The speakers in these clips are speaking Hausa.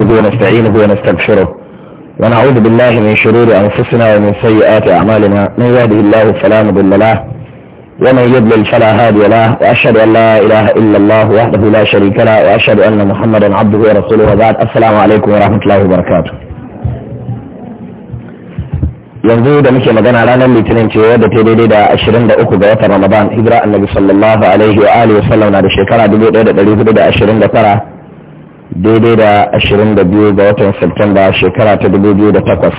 ونستعينه ونستبشره ونعوذ بالله من شرور أنفسنا ومن سيئات أعمالنا من يهده الله فلا مضل له ومن يضلل فلا هادي له وأشهد أن لا إله إلا الله وحده لا شريك له وأشهد أن محمدا عبده ورسوله وبعد السلام عليكم ورحمة الله وبركاته yanzu da muke magana ranar litinin ce wadda ta daidai da 23 ga watan ramadan hijira annabi sallallahu alaihi wa alihi wasallam na da shekara 1429 daidai da 22 ga watan Septemba shekara ta 2008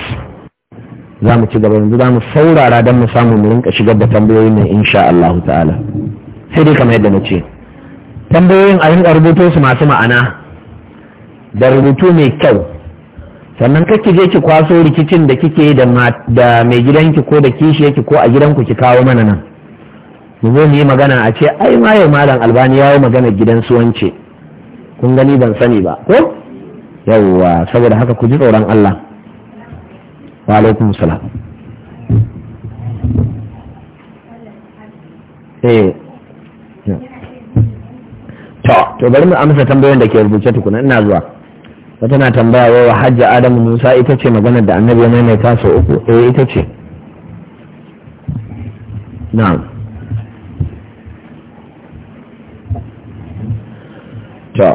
za mu ci gaba yanzu za mu saurara don mu samu mu rinka shigar da tambayoyin nan insha Allah ta'ala sai dai kamar yadda na ce tambayoyin a rinka rubuto su masu ma'ana da rubutu mai kyau sannan kake je ki kwaso rikicin da kike da mai gidanki ko da yake ko a gidanku ki kawo mana nan mu zo mu yi magana a ce ai ma yau malam albani ya yi magana gidan suwance kun gani ban sani ba ko yawwa saboda haka ku ji tsoron Allah wa alaikum salam eh to to bari mu amsa tambayoyin da ke rubuce tukuna ina zuwa wata na tambaya wa hajji adamu musa ita ce maganar da annabi ya maimaita sau uku eh ita ce na'am to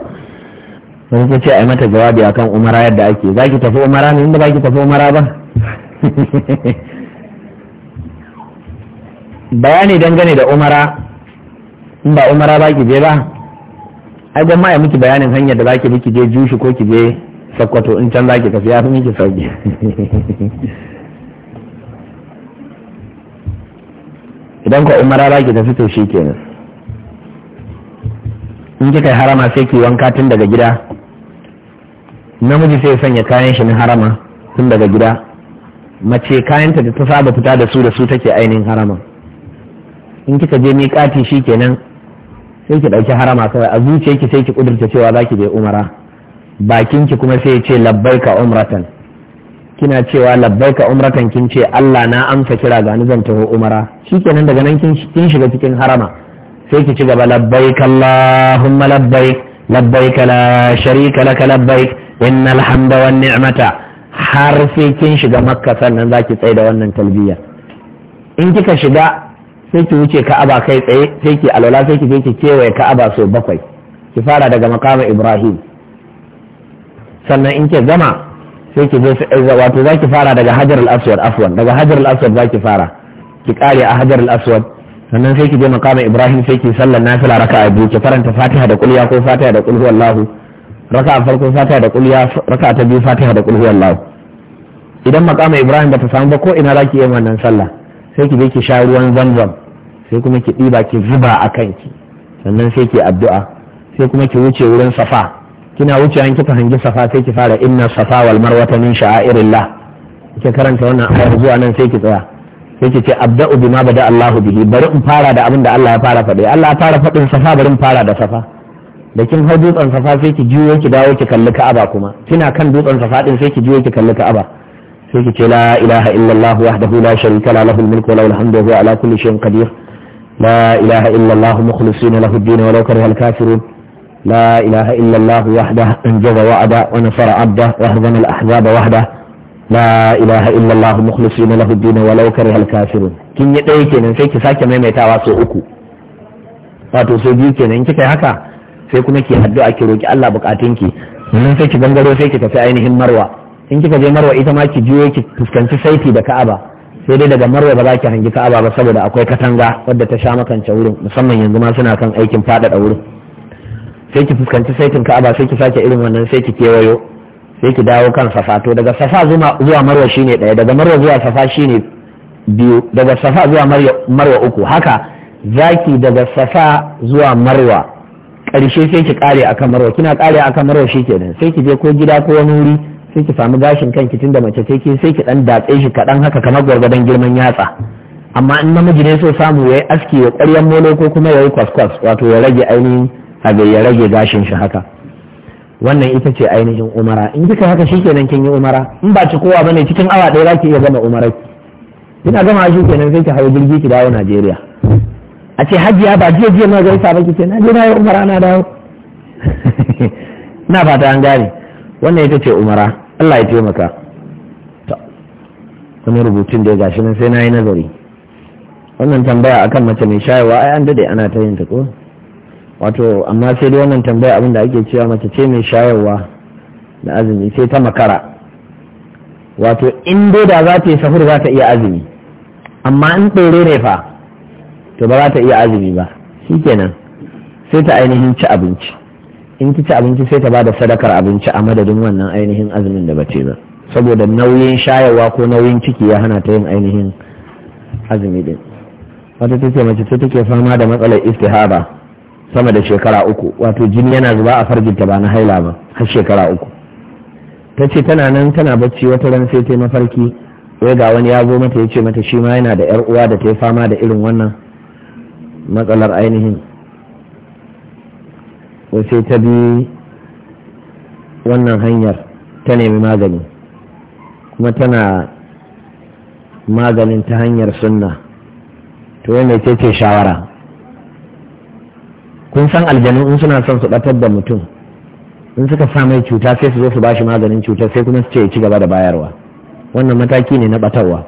sun ce a yi mata jawabi akan umara yadda ake za ki tafi umara ne inda ba ki tafi umara ba bayani dangane da umara in ba umara ba ki je ba ai gwamma ya miki bayanin hanyar da za ki ki je jushi ko ki je sakwato in can za ki tafi ya fi miki sauki idan ka umara za ki tafi to shi kenan in kika harama sai ki wanka tun daga gida namiji sai sanya kayan shi na harama tun daga gida mace kayanta da ta saba fita da su da su take ainihin harama in kika je miƙati shi kenan sai ki ɗauki harama kawai a ki sai ki kudirta cewa za ki je umara bakin ki kuma sai ce labbaika umratan kina cewa labbaika umratan kin ce Allah na amsa kira ga ni zan taho umara shi shikenan daga nan kin shiga cikin harama sai ki ci gaba labbaika Allahumma labbaik labbaika la sharika laka labbaik inna alhamda wan ni'mata har sai kin shiga makka sannan zaki tsaye da wannan talbiya in kika shiga sai ki wuce ka'aba kai tsaye sai ki alwala sai ki je ki kewaye ka'aba sau bakwai ki fara daga makama ibrahim sannan in ki gama sai ki je wato za ki fara daga hajar al-aswad afwan daga hajar al-aswad zaki ki fara ki kare a hajar al-aswad sannan sai ki je makamin ibrahim sai ki sallar nafila raka'a biyu ki faranta fatiha da kulya ko fatiha da kulhu wallahu raka farko fatiha da kulya raka ta biyu fatiha da kulhu wallahu idan makama ibrahim ta samu ba ko ina zaki yin wannan sallah sai ki je ki sha ruwan zamzam sai kuma ki ɗiba ki zuba a kanki sannan sai ki addu'a sai kuma ki wuce wurin safa kina wuce an kika hangi safa sai ki fara inna safa wal marwata min sha'airillah ki karanta wannan ayar zuwa nan sai ki tsaya sai ki ce abda'u bima bada Allahu bihi bari in fara da abin da Allah ya fara faɗi Allah ya fara faɗin safa bari in fara da safa da kin hau dutsen safa sai ki juyo ki dawo ki kalli ka'aba kuma kina kan dutsen safa din sai ki juyo ki kalli ka'aba sai ki ce la ilaha illallah wahdahu la sharika la lahul mulku wa lahul hamdu wa huwa ala kulli shay'in qadir la ilaha illallah mukhlisina lahu ad-din wa law kariha al-kafirun la ilaha illallah wahdahu anjaza wa'ada wa nasara 'abda wa harzama al-ahzaba wahdahu la ilaha illallah mukhlisina lahu ad-din wa law kariha al-kafirun kin yi dai kenan sai ki sake maimaitawa sau uku wato sai biyu kenan kika haka sai kuma ke addu'a ki roki Allah bukatun ki nan sai ki gangaro sai ki tafi ainihin marwa in kika je marwa ita ma ki juyo ki fuskanci saiti da ka'aba sai dai daga marwa ba za ki hangi ka'aba ba saboda akwai katanga wadda ta sha makance wurin musamman yanzu ma suna kan aikin faɗaɗa wurin sai ki fuskanci saitin ka'aba sai ki sake irin wannan sai ki kewayo sai ki dawo kan safa to daga safa zuwa marwa shine ɗaya daga marwa zuwa safa shine biyu daga safa zuwa marwa uku haka zaki daga safa zuwa marwa karshe sai ki kare a kamarwa kina ƙare a kamarwa shi sai ki je ko gida ko wani wuri sai ki samu gashin kanki tunda mace ce ki sai ki dan datse shi kaɗan haka kamar gwargwadon girman yatsa amma in namiji ne so samu ya yi aski ya ƙaryan molo ko kuma ya kwaskwas wato ya rage ainihin abin ya rage gashin shi haka wannan ita ce ainihin umara in kika haka shikenan kin yi umara in ba ci kowa ne cikin awa ɗaya za ki iya gama umarar kina gama shi kenan sai ki hawo jirgi ki dawo Najeriya a ce hajiya ba jiya jiya na gaisa ba ki ce na je na yi umara na dawo na fata an gane wannan ita ce umara Allah ya taimaka wani rubutun da ya gashi nan sai na yi nazari wannan tambaya akan mace mai shayarwa ai an dade ana ta yin ta ko wato amma sai dai wannan tambaya abinda da ake cewa mace ce mai shayarwa da azumi sai ta makara wato in dai da za ta yi sahur za ta iya azumi amma in ɗore ne fa to ba za ta iya azumi ba kenan sai ta ainihin ci abinci in ki ci abinci sai ta ba da sadakar abinci a madadin wannan ainihin azumin da bace ba saboda nauyin shayarwa ko nauyin ciki ya hana ta yin ainihin azumi din wata ce mace ta take fama da matsalar istihaba sama da shekara uku wato jini yana zuba a farjinta ba na haila ba har shekara uku ta ce tana nan tana bacci wata ran sai ta mafarki wai ga wani ya zo mata ya ce mata shi ma yana da yar uwa da ta yi fama da irin wannan matsalar ainihin sai ta bi wannan hanyar ta nemi magani kuma tana maganin ta hanyar sunna to wanda ce ce shawara kun san aljanu in suna son su batar da mutum in suka samai cuta sai su zo su ba maganin cutar sai kuma su ce ci gaba da bayarwa wannan mataki ne na batarwa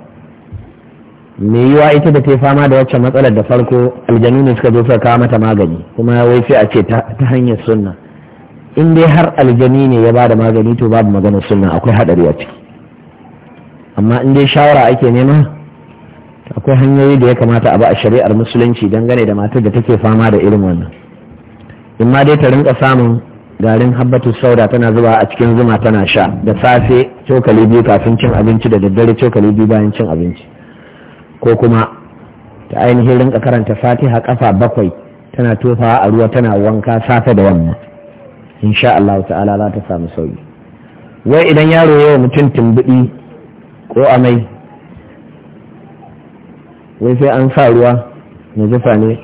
me yiwa ita da ta yi fama da wacce matsalar da farko aljanu ne suka zo suka kawo mata magani kuma wai sai a ce ta hanyar sunna in dai har aljani ne ya bada magani to babu maganar sunna akwai hadari a ciki amma in dai shawara ake nema akwai hanyoyi da ya kamata a ba a shari'ar musulunci gane da matar da take fama da irin wannan in ma dai ta rinka samun garin habbatu sauda tana zuba a cikin zuma tana sha da safe cokali biyu kafin cin abinci da daddare cokali biyu bayan cin abinci ko kuma ta ainihin rinka karanta fatiha kafa bakwai tana tofawa a ruwa tana wanka safe da wannan insha Allah ta'ala za ta samu sauyi wai idan yaro yawa mutum tumbuɗi ko amai wai sai an sa ruwa na jafa ne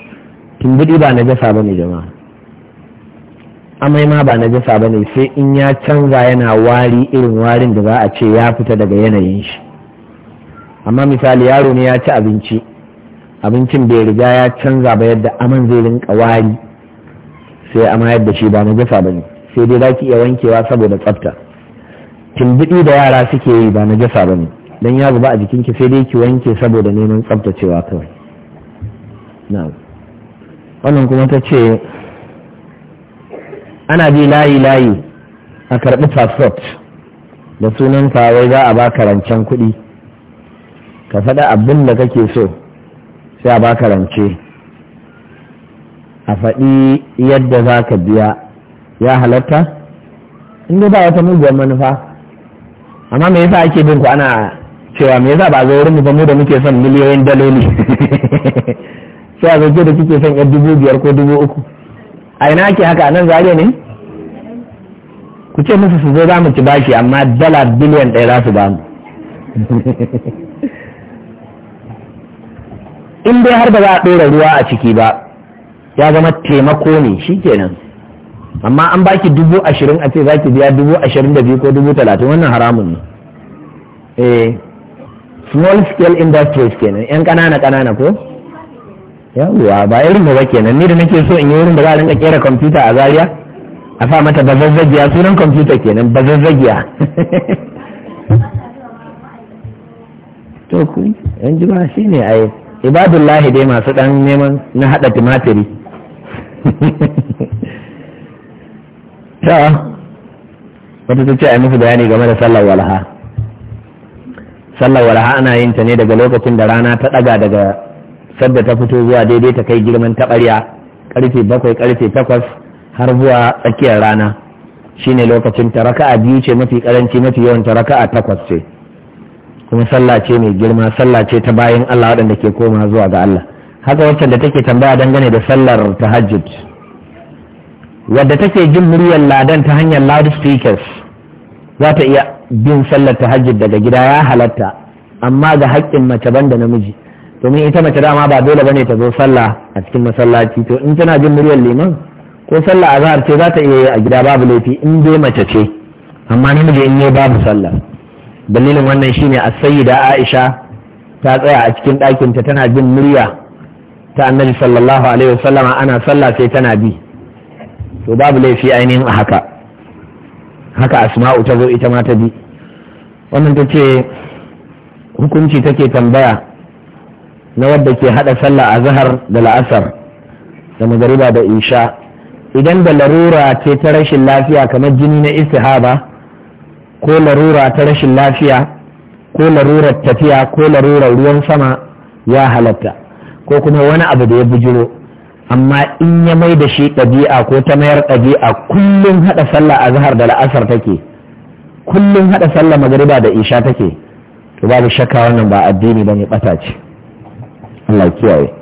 tumbuɗi ba na jafa ba ne jama'a amai ma ba jafa ba ne sai in ya canza yana wari irin warin da za a ce ya fita daga yanayin shi amma misali yaro ne ya ci abinci abincin bai riga ya canza ba yadda aman zai rinka wari sai mayar yadda shi ba jasa ba ne sai dai za ki iya wankewa saboda tsafta kimbiɗi da yara suke yi ba jasa ba ne don ya zuba a jikinki sai dai ki wanke saboda neman tsaftacewa kawai na'am wannan kuma ta ce ana bi layi layi a karɓi passport da sunan wai za a ba karancen kuɗi ka faɗa abin da kake so sai a baka rance a faɗi yadda za ka biya ya halatta inda ba wata muguwar manufa amma me yasa ake bin ku ana cewa me yasa ba zo wurin mu ba mu da muke son miliyoyin daloli sai a zo da kike son yar dubu biyar ko dubu uku a ina ake haka nan zare ne ku ce musu su zo za mu ci bashi amma dala biliyan ɗaya za su ba mu in dai har ba za a ɗora ruwa a ciki ba ya zama taimako ne shi kenan amma an baki dubu ashirin a ce za ki biya dubu ashirin da biyu ko dubu talatin wannan haramun ne eh small scale industries kenan yan ƙanana ƙanana ko yawwa ba irin ba kenan ni da nake so in yi wurin da za a rinka kera kwamfuta a zaria a sa mata bazazzagiya sunan kwamfuta kenan bazazzagiya to ku yan jima shi ne a ibadullahi dai masu ɗan neman na hada tumatiri ta wata ta ce a musu bayani game da sallar walha. sallar walha ana yin ta ne daga lokacin da rana ta ɗaga daga sadda ta fito zuwa daidai ta kai girman taɓarya karfe bakwai karfe takwas har zuwa tsakiyar rana shine lokacin ta raka'a biyu ce mafi karanci mafi yawan ta raka'a takwas ce kuma sallah ce mai girma sallah ce ta bayan Allah waɗanda ke koma zuwa ga Allah haka waccan da take tambaya dangane da sallar tahajjud wadda take jin muryar ladan ta hanyar loudspeakers za ta iya bin sallar tahajjud daga gida ya halatta amma ga haƙƙin mace banda namiji domin ita mace dama ba dole bane ta zo sallah a cikin masallaci to in tana jin muryar liman ko sallah azhar ce za ta iya yi a gida babu laifi in dai mace ce amma namiji in ne babu sallah dalilin wannan shine as-sayyida Aisha ta tsaya a cikin ɗakinta tana jin murya ta annabi sallallahu alaihi wasallama ana sallah sai tana bi to babu laifi ainihin a haka haka asma'u ta zo ita ma ta bi wannan ta ce hukunci take tambaya na wadda ke haɗa sallah a zahar da la'asar da magariba da isha idan da larura ce ta rashin lafiya kamar jini na istihaba ko larura ta rashin lafiya ko larurar tafiya ko larurar ruwan sama ya halatta ko kuma wani abu da ya bujiro amma in ya mai da shi ɗabi'a ko ta mayar ɗabi'a kullum haɗa sallah a zahar da la'asar take kullum haɗa sallah magariba da isha take to babu shakka wannan ba addini ba ne ɓata ce Allah kiyaye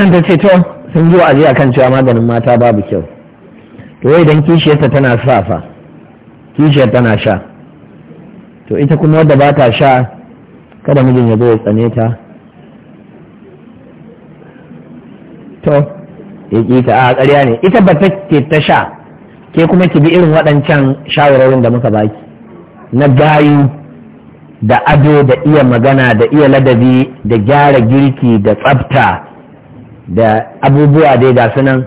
wannan ta ce to sun zo wa'azi kan cewa maganin mata babu kyau to wai idan kishiyarta tana safa kishiyar tana sha to ita kuma wadda ba ta sha kada mijin ya zo ya tsane ta to ya ƙi ta a ƙarya ne ita ba ta ke ta sha ke kuma ki bi irin waɗancan shawararin da muka baki na gayu da ado da iya magana da iya ladabi da gyara girki da tsafta da abubuwa dai da sunan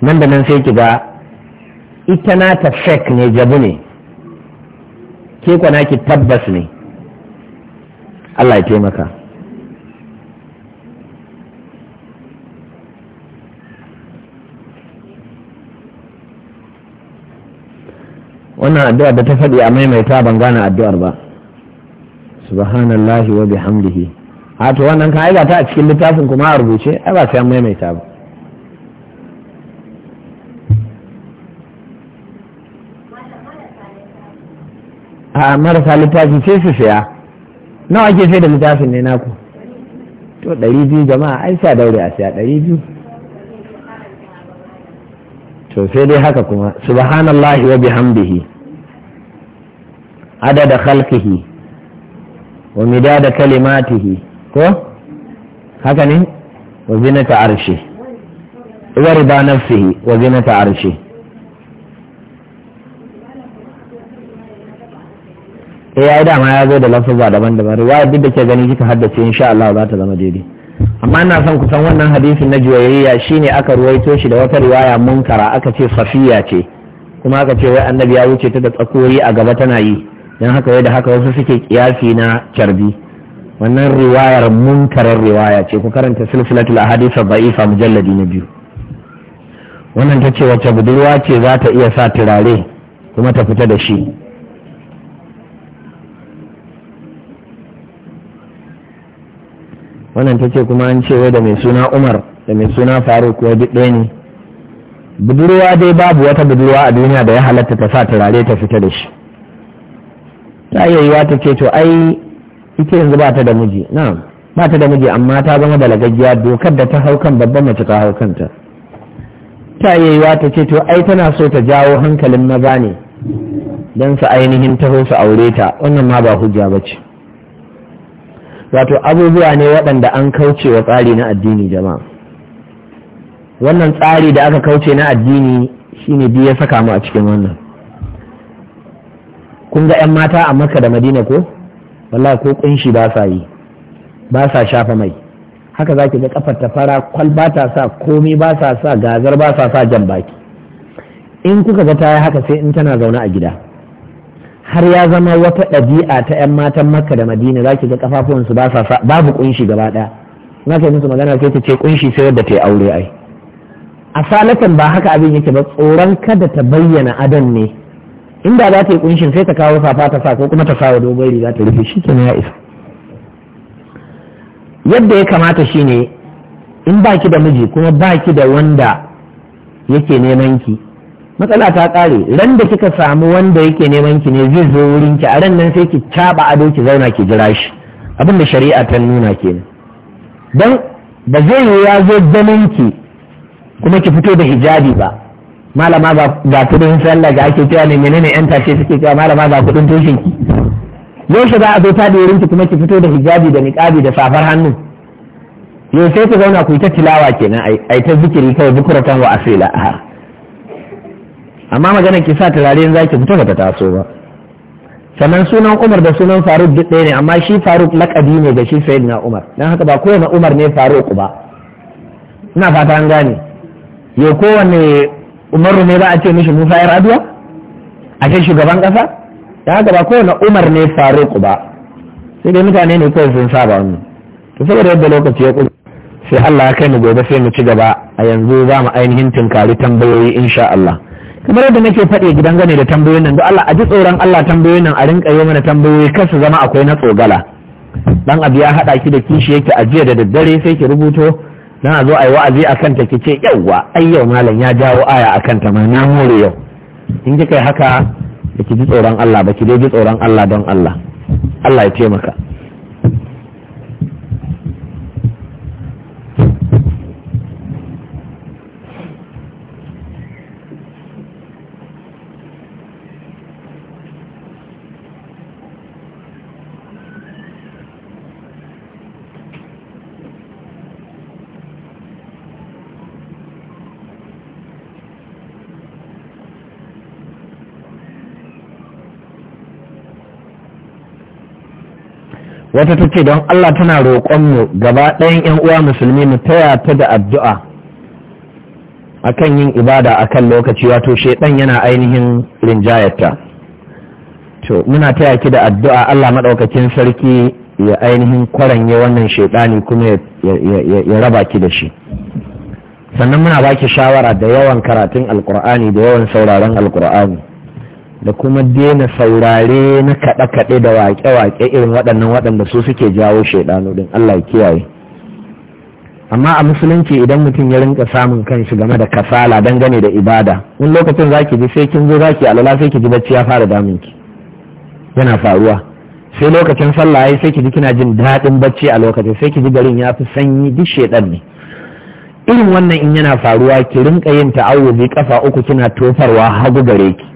nan da nan sai ki ga ita na ta fake ne jabu ne ke kwana ki tabbas ne Allah ya taimaka wannan addu'ar da ta faɗi a maimaita ban gane addu'ar ba subhanallahi wa bihamdihi a to wannan kan ta a cikin littafin kuma a rubuce ai ba sai maimaita ba a marasa littafi sai su siya nawa ake sai da littafin ne naku to ɗari biyu jama'a ai sa daure a siya ɗari biyu to sai dai haka kuma subhanallahi wa bihamdihi adada khalqihi wa midada kalimatihi ko haka ne wa zinata arshe wa riba nafsihi wa zinata arshi eh ai dama ya zo da lafazza daban-daban riwaya duk da ke gani kika haddace insha Allah za ta zama daidai amma ina son kusan wannan hadisin na juwayayya shine aka ruwaito shi da wata riwaya munkara aka ce safiya ce kuma aka ce wai annabi ya wuce ta da tsakori a gaba tana yi don haka wai da haka wasu suke kiyasi na carbi wannan riwayar munkarar riwaya ce ku karanta silsilatul ahadith da'ifa mujalladi na biyu wannan ta ce wacce budurwa ce za ta iya sa turare kuma ta fita da shi wannan ta ce kuma an ce da mai suna umar da mai suna faruk wai duk ɗaya ne budurwa dai babu wata budurwa a duniya da ya halatta ta sa turare ta fita da shi ta iya yiwa ta ce to ai ita yanzu ba ta da miji na'am ba ta da miji amma ta zama balagajiya dokar da ta hau kan babban mace ta hau kanta ta yayyuwa ta ce to ai tana so ta jawo hankalin maza ne don su ainihin taho su aure ta wannan ma ba hujja ba ce wato abubuwa ne waɗanda an kauce wa tsari na addini jama'a wannan tsari da aka kauce na addini shine biyu ya saka mu a cikin wannan kun ga 'yan mata a makka da madina ko wallahi ko kunshi ba sa yi ba sa shafa mai haka zaki ga kafar ta fara kwal ba ta sa komai ba sa sa gazar ba sa sa jan baki in kuka ga ta haka sai in tana zaune a gida har ya zama wata ɗabi'a ta ƴan matan makka da madina zaki ga kafafuwansu ba sa babu kunshi gaba ɗaya na kai musu magana sai ta ce kunshi sai wadda ta yi aure ai Salatan ba haka abin yake ba tsoron kada ta bayyana adan ne inda za ta yi kunshin sai ta kawo safa ta sa ko kuma ta sawa dogon riga ta rufe shi ya isa yadda ya kamata shi ne, in ba ki da miji kuma ba ki da wanda yake neman ki matsala ta kare ran da kika samu wanda yake neman ki ne zai zo wurin ki a ran nan sai ki caba ado ki zauna ki jira shi abin da shari'a ta nuna kenan dan ba zai yi ya zo ganin ki kuma ki fito da hijabi ba malama ga kudin sallah ga ake cewa ne menene yan tashe suke cewa malama ba kudin tushen ki yaushe za a zo ta ɗorin ki kuma ki fito da hijabi da niqabi da safar hannu yau sai ku zauna ku yi ta tilawa kenan A yi ta zikiri kawai bukuratan wa asila amma magana ki sa turare yanzu ki fito ta taso ba sannan sunan Umar da sunan Faruk duk ɗaya ne amma shi Faruk lakabi ne ga shi na Umar don haka ba kowane Umar ne Faruk ba ina fata an gane yau kowane umaru ne ba a ce mishi musa yar aduwa a ce shugaban kasa da haka ba kowane umar ne faruk ba sai dai mutane ne kawai sun saba ta to saboda yadda lokaci ya kuma sai Allah ya kai mu gobe sai mu ci gaba a yanzu za mu ainihin tunkari tambayoyi insha Allah kamar yadda nake faɗi gidan gane da tambayoyin nan don Allah a ji tsoron Allah tambayoyin nan a rinka yi mana tambayoyi kar su zama akwai na tsogala dan abu ya haɗa ki da kishi yake ajiya da daddare sai ki rubuto na zo a yi wa'azi a kanta ki ce yauwa ai yau malam ya jawo aya a kanta ma na more yau in kika yi haka ba ki ji tsoron Allah ba ki dai ji tsoron Allah don Allah Allah ya taimaka wata ta ce don Allah tana roƙonmu gaba ɗayan yan uwa musulmi mu taya ta da addu'a akan yin ibada akan lokaci wato shaidan yana ainihin rinjayarta to muna taya ki da addu'a Allah maɗaukakin sarki ya ainihin kwaranye wannan shaidani kuma ya raba ki da shi sannan muna baki shawara da yawan karatun alkur'ani da yawan sauraron alkur'ani da kuma daina saurare na kaɗe-kaɗe da waƙe-waƙe irin waɗannan waɗanda su suke jawo shaidanu din Allah ya kiyaye amma a musulunci idan mutum ya rinka samun kanshi game da kasala dangane da ibada wani lokacin zaki ji sai kin zo zaki alala sai ki ji bacci ya fara damun ki yana faruwa sai lokacin sallah yayi sai ki ji kina jin daɗin bacci a lokacin sai ki ji garin ya fi sanyi duk shaidan ne irin wannan in yana faruwa ki rinka yin ta'awuzi kafa uku kina tofarwa hagu gare ki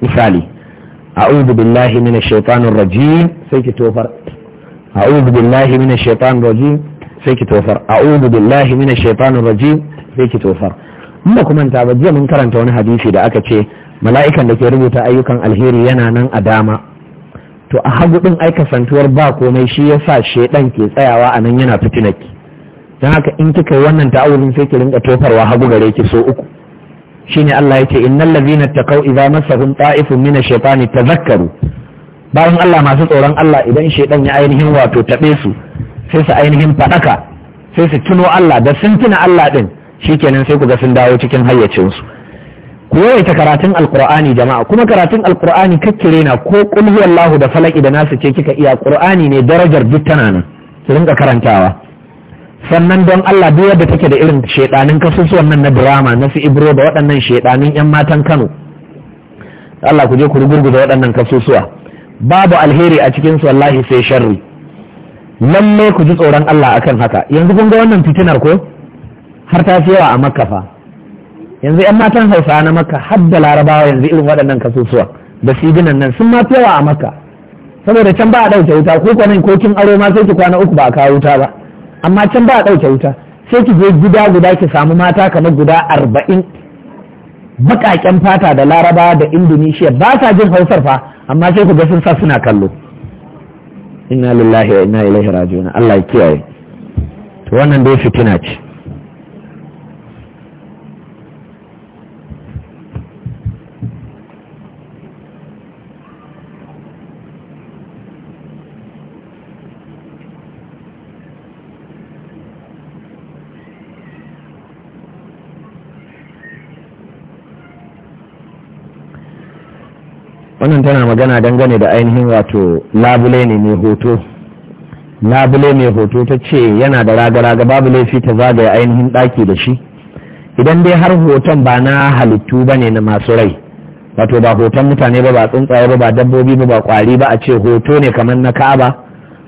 misali a'udhu billahi minash shaitanir rajim sai ki tofar a'udhu billahi minash shaitanir rajim sai ki tofar a'udhu billahi minash shaitanir rajim sai ki tofar mun kuma ta ba jiya mun karanta wani hadisi da aka ce mala'ikan da ke rubuta ayyukan alheri yana nan a dama to a hagu din ai kasantuwar ba komai shi yasa shedan ke tsayawa a nan yana fitinaki don haka in kika yi wannan ta'awulin sai ki rinka tofarwa hagu gare ki so uku shine Allah yake innal ladhina taqaw idza massahum ta'ifun min ash-shaytani tadhakkaru bayan Allah masu tsoron Allah idan shaiɗan ya ainihin wato tabe su sai su ainihin fadaka sai su tuno Allah da sun tuna Allah din shikenan sai ku ga sun dawo cikin hayyacin su ku yawaita karatun alqur'ani jama'a kuma karatun alqur'ani kakkire na ko qul huwallahu da falaki da nasu ce kika iya qur'ani ne darajar duk tana nan su rinka karantawa sannan don Allah duk wadda take da irin shedanin kasusuwan nan na drama na su ibro da waɗannan shedanin yan matan Kano Allah ku je ku rugurguza waɗannan kasusuwa babu alheri a cikin su wallahi sai sharri lalle ku ji tsoron Allah akan haka yanzu kun ga wannan fitinar ko har ta fi yawa a Makka fa yanzu yan matan Hausa na Makka har da Larabawa yanzu irin waɗannan kasusuwa da sibinan nan sun ma fi yawa a Makka saboda can ba a ɗauke wuta ko kwanan ko kin aro ma sai ki kwana uku ba a kawo wuta ba amma can ba a ɗauke wuta sai ki je gida guda ki samu mata kamar guda arba'in baƙaƙen fata da laraba da indonesia ba sa jin hausar fa amma sai ku ga sun sa suna kallo inna lillahi wa inna ilaihi raji'un Allah ya kiyaye to wannan dai fitina ce wannan tana magana dangane da ainihin wato labule ne mai hoto labule mai hoto ta ce yana da raga-raga babu laifi ta zagaya ainihin ɗaki da shi idan dai har hoton ba na halittu ba ne na masu rai wato ba hoton mutane ba ba tsuntsaye ba ba dabbobi ba ba kwari ba a ce hoto ne kamar na ka'aba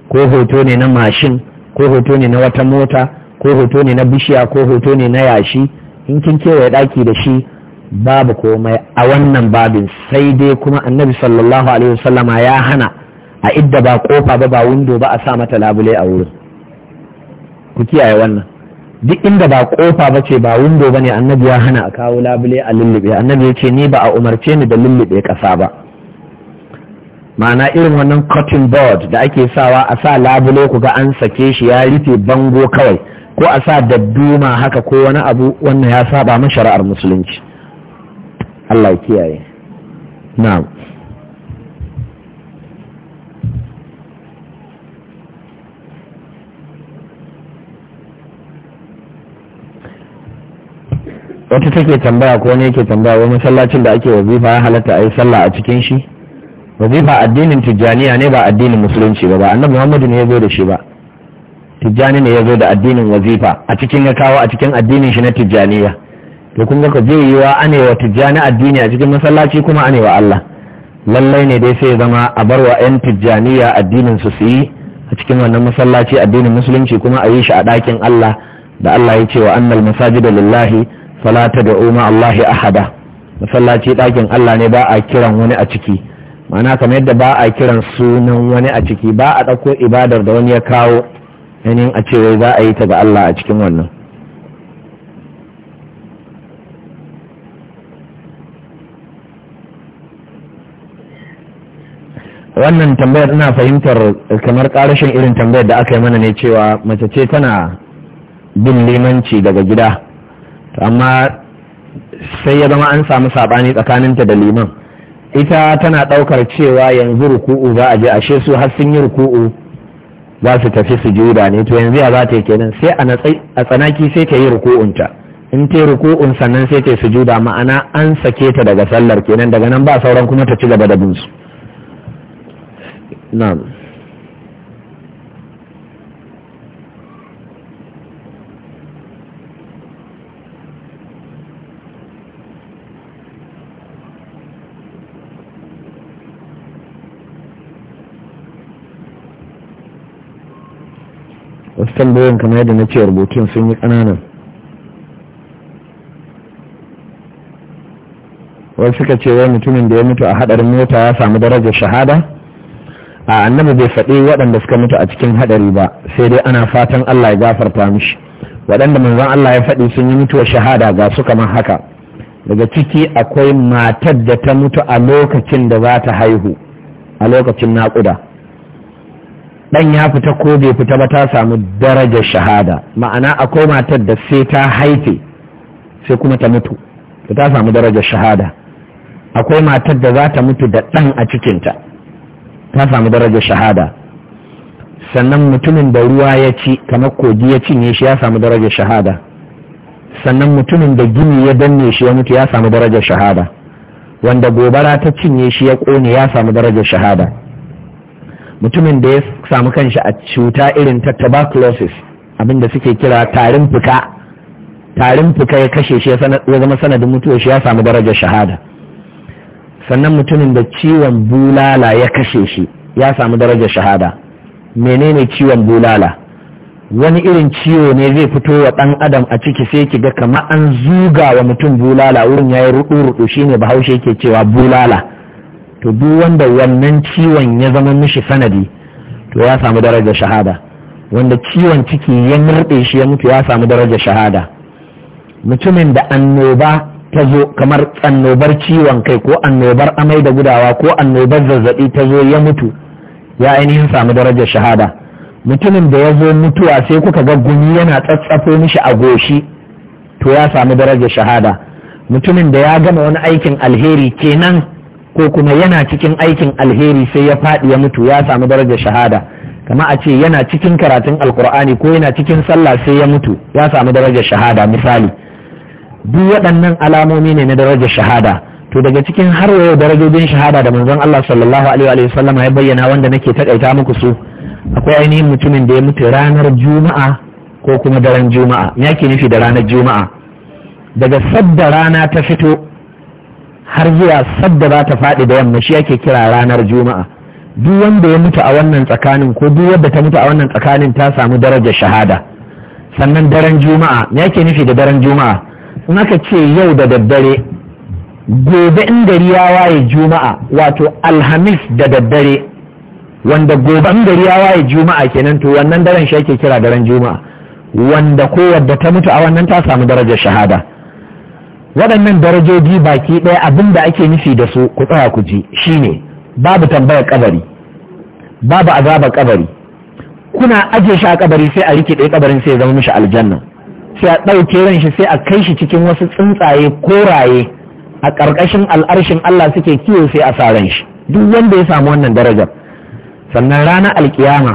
ko hoto ne na mashin ko hoto ne na wata mota ko hoto ne na bishiya ko hoto ne na yashi in kin kewaye ɗaki da shi babu komai a wannan babin sai dai kuma annabi sallallahu alaihi wasallama ya hana a idda ba kofa ba ba windo ba a sa mata labule a wurin ku kiyaye wannan duk inda ba kofa ba ce ba windo ba ne annabi ya hana a kawo labule a lullube annabi ya ce ni ba a umarce ni da lullube kasa ba ma'ana irin wannan cotton board da ake sawa a sa labule ku ga an sake shi ya rufe bango kawai ko a sa dadduma haka ko wani abu wannan ya saba ma shari'ar musulunci Allah kiyaye na'am wata take tambaya ko ne ke tambaya wa masallacin da ake wazifa ya halatta a yi sallah a cikin shi wazifa addinin tijjaniya ne ba addinin musulunci ba ba annabi muhammadu ne ya zo da shi ba tijjani ne ya zo da addinin wazifa a cikin ya kawo a cikin addinin shi na tijjaniya to kun ga ka zai yiwa ane wa tijjani addini a cikin masallaci kuma ane wa Allah lallai ne dai sai zama a bar wa 'yan tijjaniya addinin su su yi a cikin wannan masallaci addinin musulunci kuma a yi shi a ɗakin Allah da Allah ya ce wa annal masajida lillahi fala tad'u ma Allahi ahada masallaci ɗakin Allah ne ba a kiran wani a ciki ma'ana kamar yadda ba a kiran sunan wani a ciki ba a ɗauko ibadar da wani ya kawo yanin a ce wai za a yi ta ga Allah a cikin wannan wannan tambayar ina fahimtar kamar karashin irin tambayar da aka yi mana ne cewa mace ce tana bin limanci daga gida amma sai ya zama an samu saɓani tsakaninta da liman ita tana ɗaukar cewa yanzu ruku'u za a je ashe su har sun yi ruku'u za su tafi su sujuda ne to yanzu ya za ta yi kenan sai a tsanaki sai ta yi ruku'unta in ta yi ruku'un sannan sai ta yi sujuda ma'ana an sake ta daga sallar kenan daga nan ba sauran kuma ta ci gaba da bin su نعم wasu tambayoyin kamar yadda na ce rubutun sun yi ƙananan wasu suka ce wani mutumin da ya mutu a haɗarin mota ya samu darajar shahada a annabi bai faɗi waɗanda suka mutu a cikin haɗari ba sai dai ana fatan Allah ya gafarta mishi waɗanda manzon Allah ya faɗi sun yi mutuwa shahada ga su kamar haka daga ciki akwai matar da ta mutu a lokacin da za ta haihu a lokacin naƙuda ɗan ya fita ko bai fita ba ta samu darajar shahada ma'ana akwai matar da sai ta haife sai kuma ta mutu ta samu darajar shahada akwai matar da za ta mutu da ɗan a cikinta ta samu darajar shahada sannan mutumin da ruwa ya ci kamar kogi ya cinye shi ya samu darajar shahada sannan mutumin da gini ya danne shi ya mutu ya samu darajar shahada wanda gobara ta cinye shi ya kone ya samu darajar shahada mutumin da ya samu kanshi a cuta irin ta tuberculosis abinda suke kira tarin fuka tarin fuka ya kashe shi ya zama sanadin mutuwa shi ya samu darajar shahada sannan mutumin da ciwon bulala ya kashe shi ya samu darajar shahada menene ciwon bulala wani irin ciwo ne zai fito wa ɗan adam a ciki sai ki ga kama an zuga wa mutum bulala wurin ya yi rudu-rudu ne bahaushe ke cewa bulala to duk wanda wannan ciwon ya zama mishi sanadi to ya samu darajar shahada wanda ciwon ciki ya murɗe shi ya mutu ya samu darajar shahada mutumin da annoba ta zo kamar annobar ciwon kai ko annobar amai da gudawa ko annobar zazzabi ta zo ya mutu ya ainihin samu darajar shahada mutumin da ya zo mutuwa sai kuka ga gumi yana tsatsafo mishi a goshi to ya samu darajar shahada mutumin da ya gama wani aikin alheri kenan ko kuma yana cikin aikin alheri sai ya faɗi ya mutu ya samu darajar shahada kama a ce yana cikin karatun alkur'ani ko yana cikin sallah sai ya mutu ya samu darajar shahada misali duk waɗannan alamomi ne na darajar shahada to daga cikin har yau darajojin shahada da manzon Allah sallallahu alaihi wa ya bayyana wanda nake takaita muku su akwai ainihin mutumin da ya mutu ranar juma'a ko kuma daren juma'a me yake nufi da ranar juma'a daga sadda rana ta fito har zuwa sadda za ta faɗi da yamma shi yake kira ranar juma'a duk wanda ya mutu a wannan tsakanin ko duk wadda ta mutu a wannan tsakanin ta samu darajar shahada sannan daren juma'a me yake nufi da daren juma'a in aka ce yau da daddare gobe in gari ya waye juma'a wato alhamis da daddare wanda gobe in gari ya waye juma'a kenan to wannan daren shi ake kira daren juma'a wanda ko wadda ta mutu a wannan ta samu darajar shahada waɗannan darajoji baki ɗaya abin da ake nufi da su ku tsaya ku ji ne. babu tambayar kabari babu azabar kabari kuna ajiye shi a kabari sai a rike ɗaya kabarin sai ya zama mishi aljanna sai a ɗauke ran shi sai a kai shi cikin wasu tsuntsaye koraye a ƙarƙashin al'arshin Allah suke kiwo sai a sa ran shi duk wanda ya samu wannan darajar sannan rana alkiyama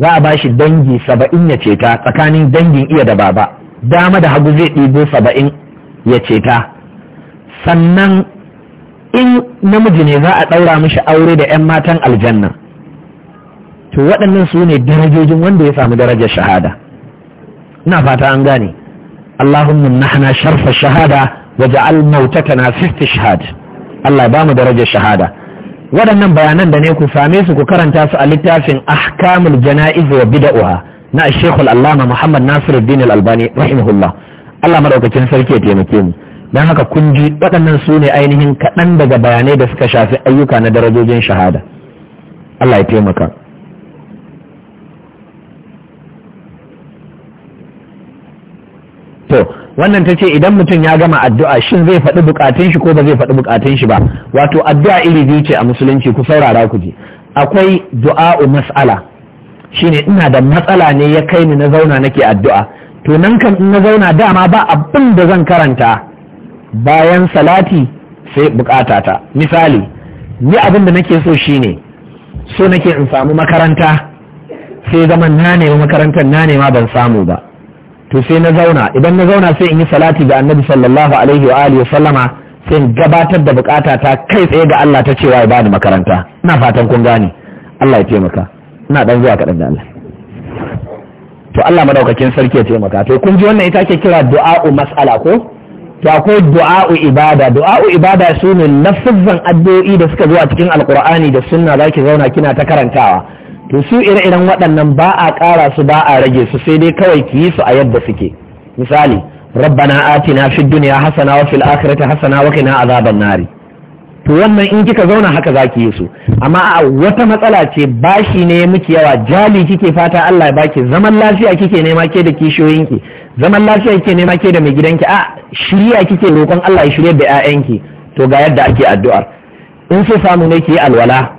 za a shi dangi saba'in ya ceta tsakanin dangin iya da baba dama da hagu zai ɗibo saba'in ya ceta sannan in namiji ne za a ɗaura mishi aure da 'yan matan aljanna to waɗannan su ne darajojin wanda ya samu darajar shahada ina fata an gane Allahumma nahna sharfa shahada waj'al mautatana fi shahad Allah ba mu darajar shahada waɗannan bayanan da ne ku same su ku karanta su a littafin ahkamul jana'iz wa bid'ah na Sheikh Al-Allama Muhammad Nasiruddin Al-Albani rahimahullah Allah madaukakin sarki ya taimake mu dan haka kun ji waɗannan su ne ainihin kaɗan daga bayanai da suka shafi ayyuka na darajojin shahada Allah ya taimaka to wannan ta ce idan mutum ya gama addu'a shin zai faɗi bukatun shi ko ba zai faɗi bukatun shi ba wato addu'a iri biyu ce a musulunci ku saurara ku ji akwai du'a'u mas'ala shine ina da matsala ne ya kai ni na zauna nake addu'a to nan kan in na zauna dama ba abin da zan karanta bayan salati sai bukata ta misali ni abin da nake so shine so nake in samu makaranta sai zaman na nemi makarantar na nema ban samu ba to sai na zauna idan na zauna sai in yi salati ga annabi sallallahu alaihi wa alihi sallama sai in gabatar da bukata ta kai tsaye ga Allah ta cewa ya bani makaranta ina fatan kun gane Allah ya taimaka ina dan zuwa kaɗan da Allah to Allah madaukakin sarki ya taimaka to kun ji wannan ita ke kira du'a'u mas'ala ko to akwai du'a'u ibada du'a'u ibada su ne lafazan addu'o'i da suka zo a cikin alqur'ani da sunna zaki zauna kina ta karantawa to su ire-iren waɗannan ba a ƙara su ba a rage su sai dai kawai ki yi su a yadda suke misali rabbana atina fi dunya hasana wa fil akhirati hasana wa qina azaban nari to wannan in kika zauna haka zaki yi su amma wata matsala ce bashi ne miki yawa jali kike fata Allah ya baki zaman lafiya kike nema ke da kishiyoyinki zaman lafiya kike nema ke da mai gidanki a shirya kike roƙon Allah ya shirye da 'ya'yanki to ga yadda ake addu'ar in so samu ne ki alwala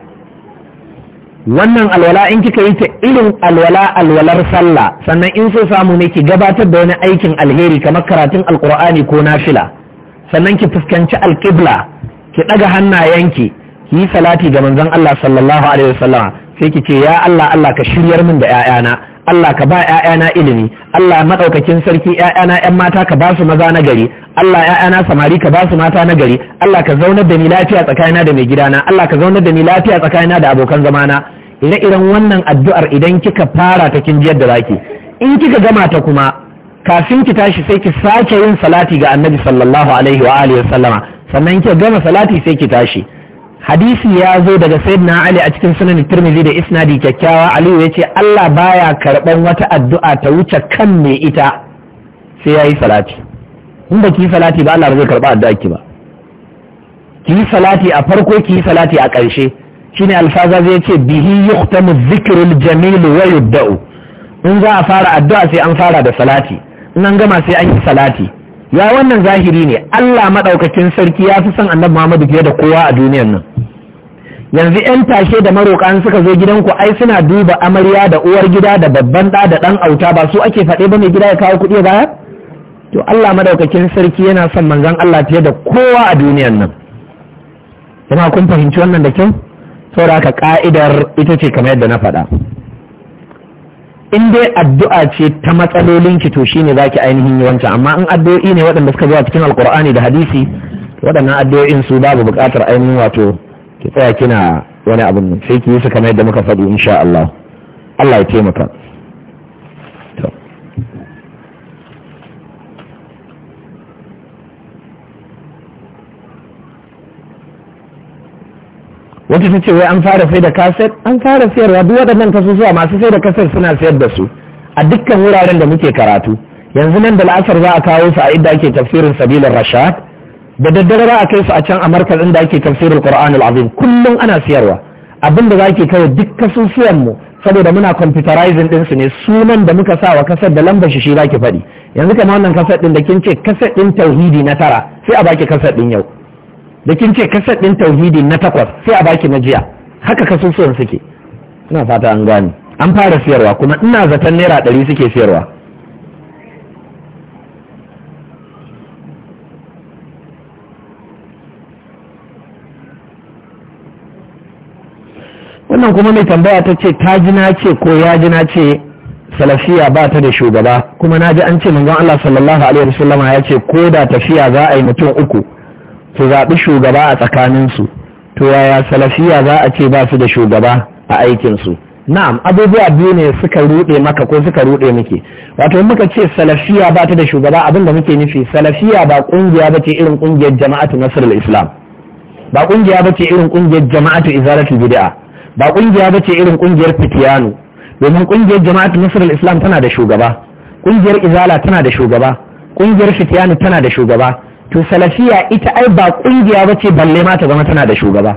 wannan alwala in kika yi ta irin alwala alwalar sallah sannan in so samu ne ki gabatar da wani aikin alheri kamar karatun alkur'ani ko nafila sannan ki fuskanci alƙibla ki ɗaga hannayenki ki yi salati ga manzon Allah sallallahu alaihi wasallam sai ki ce ya Allah Allah ka shiryar min da ƴaƴana Allah ka ba ƴaƴana ilimi Allah madaukakin sarki ƴaƴana ƴan mata ka ba su maza na gari Allah ƴaƴana samari ka ba su mata na gari Allah ka zaunar da ni lafiya tsakanina da mai gidana Allah ka zaunar da ni lafiya tsakanina da abokan zamana ire-iren wannan addu'ar idan kika fara ta kin jiyar da zaki in kika gama ta kuma kafin ki tashi sai ki sake yin salati ga annabi sallallahu alaihi wa alihi sallama sannan kika gama salati sai ki tashi hadisi ya zo daga sayyidina ali a cikin sunan tirmidhi da isnadi kyakkyawa aliyu ce Allah baya karban wata addu'a ta wuce kan me ita sai yayi salati in ba ki yi salati ba Allah ba zai karba addu'a ki ba ki yi salati a farko ki yi salati a ƙarshe shine alfaza zai ce bihi yuhtamu dhikrul Jamilu wa yubda'u in za a fara addu'a sai an fara da salati in an gama sai an yi salati ya wannan zahiri ne Allah maɗaukakin sarki ya fi son annabi Muhammadu fiye da kowa a duniyar nan yanzu yan tashe da maroƙa suka zo gidan ku ai suna duba amarya da uwar gida da babban ɗa da ɗan auta ba su ake faɗe ba mai gida ya kawo kuɗi baya to Allah madaukakin sarki yana son manzon Allah fiye da kowa a duniyar nan jama'a kun fahimci wannan da kyau saboda ka'idar ita ce kamar yadda na faɗa in dai addu'a ce ta matsalolin ki to shine zaki ainihin yi wancan amma in addu'o'i ne waɗanda suka zuwa cikin alkur'ani da hadisi waɗannan addu'o'in su babu buƙatar ainihin wato ki tsaya kina wani abin sai ki yi su kamar yadda muka faɗi insha Allah Allah ya taimaka wata ta ce wai an fara sai da kaset an fara sayarwa duk waɗannan kasusuwa masu sai da kaset suna sayar da su a dukkan wuraren da muke karatu yanzu nan da la'asar za a kawo su a inda ake tafsirin sabilin rashad da daddare za a kai su a can a markaz inda ake tafsirin qur'anul azim kullum ana siyarwa abinda za ke kawo duk kasusuwan mu saboda muna computerizing ɗinsu ne sunan da muka sa wa kasar da lambar shi shi za ki faɗi yanzu kamar wannan kasar ɗin da kin ce kasar ɗin tauhidi na tara sai a baki kasar ɗin yau da kin ce kasar ɗin tauhidi na takwas sai a baki na jiya haka kasusuwan suke ina fata an gane an fara siyarwa kuma ina zaton naira ɗari suke siyarwa wannan kuma mai tambaya ta ce ta jina ce ko ya ji ce salafiya ba ta da shugaba kuma na ji an ce manzon Allah sallallahu alaihi wasallama ya ce ko da tafiya za a yi mutum uku su zaɓi shugaba a tsakaninsu to yaya salafiya za a ce ba su da shugaba a aikinsu na'am abubuwa biyu ne suka ruɗe maka ko suka ruɗe muke wato muka ce salafiya ba ta da shugaba abin da muke nufi salafiya ba ƙungiya ba ce irin ƙungiyar jama'atu nasr islam ba ƙungiya ba ce irin ƙungiyar jama'atu izalatu bid'a ba ƙungiya ba ce irin ƙungiyar fitiyanu domin ƙungiyar jama'atu nasr islam tana da shugaba ƙungiyar izala tana da shugaba ƙungiyar fitiyanu tana da shugaba to salafiya ita ai ba kungiya ba ce balle ma ta zama tana da shugaba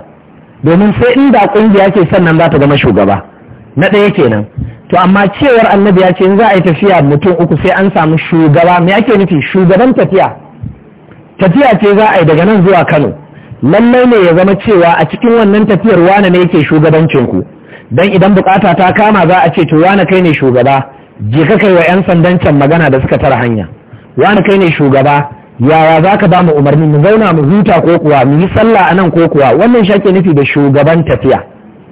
domin sai in ba kungiya ce sannan za ta zama shugaba na ɗaya kenan to amma cewar annabi ya ce in za a yi tafiya mutum uku sai an samu shugaba me ake nufi shugaban tafiya tafiya ce za a yi daga nan zuwa kano lallai ne ya zama cewa a cikin wannan tafiyar wane ne yake shugabancin ku dan idan bukata ta kama za a ce to wane kai ne shugaba je ka kai wa yan sandan can magana da suka tara hanya wane kai ne shugaba yaya za ka ba mu umarni mu zauna mu huta ko kuwa mu yi sallah a nan ko kuwa wannan shi ake nufi da shugaban tafiya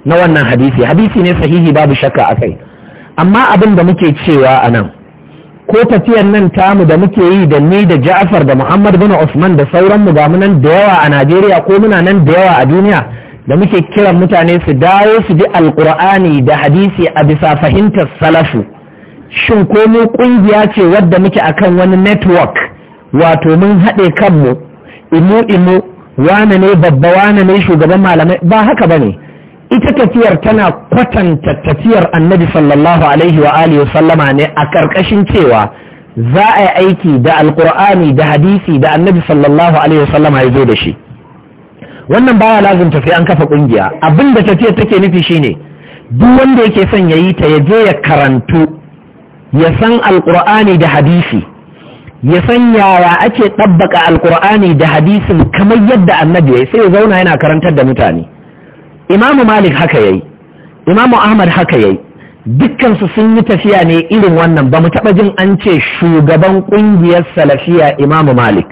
na wannan hadisi hadisi ne sahihi babu shakka a kai amma abin da muke cewa anan. ko tafiyar nan tamu da muke yi da ni da ja'far da muhammad bin usman da sauran mu ga nan da yawa a najeriya ko muna nan da yawa a duniya da muke kiran mutane su dawo su ji alkur'ani da hadisi a bisa fahimtar salafu shin ko mu kungiya ce wadda muke akan wani network wato mun haɗe kanmu imu imu wane ne babba wane ne shugaban malamai ba haka ba ne ita tafiyar tana kwatanta tafiyar annabi sallallahu alaihi wa alihi sallama ne a ƙarƙashin cewa za a yi aiki da alƙur'ani da hadisi da annabi sallallahu alaihi sallama ya zo da shi wannan baya lazim tafi an kafa ƙungiya abin da tafiyar take nufi shine duk wanda yake son ya yi ta ya je ya karantu ya san alƙur'ani da hadisi ya san yaya ake ɗabbaka alkur'ani da hadisin kamar yadda annabi ya sai ya zauna yana karantar da mutane imamu malik haka yayi imamu ahmad haka yayi dukkansu sun yi tafiya ne irin wannan ba mu taɓa jin an ce shugaban ƙungiyar salafiya imamu malik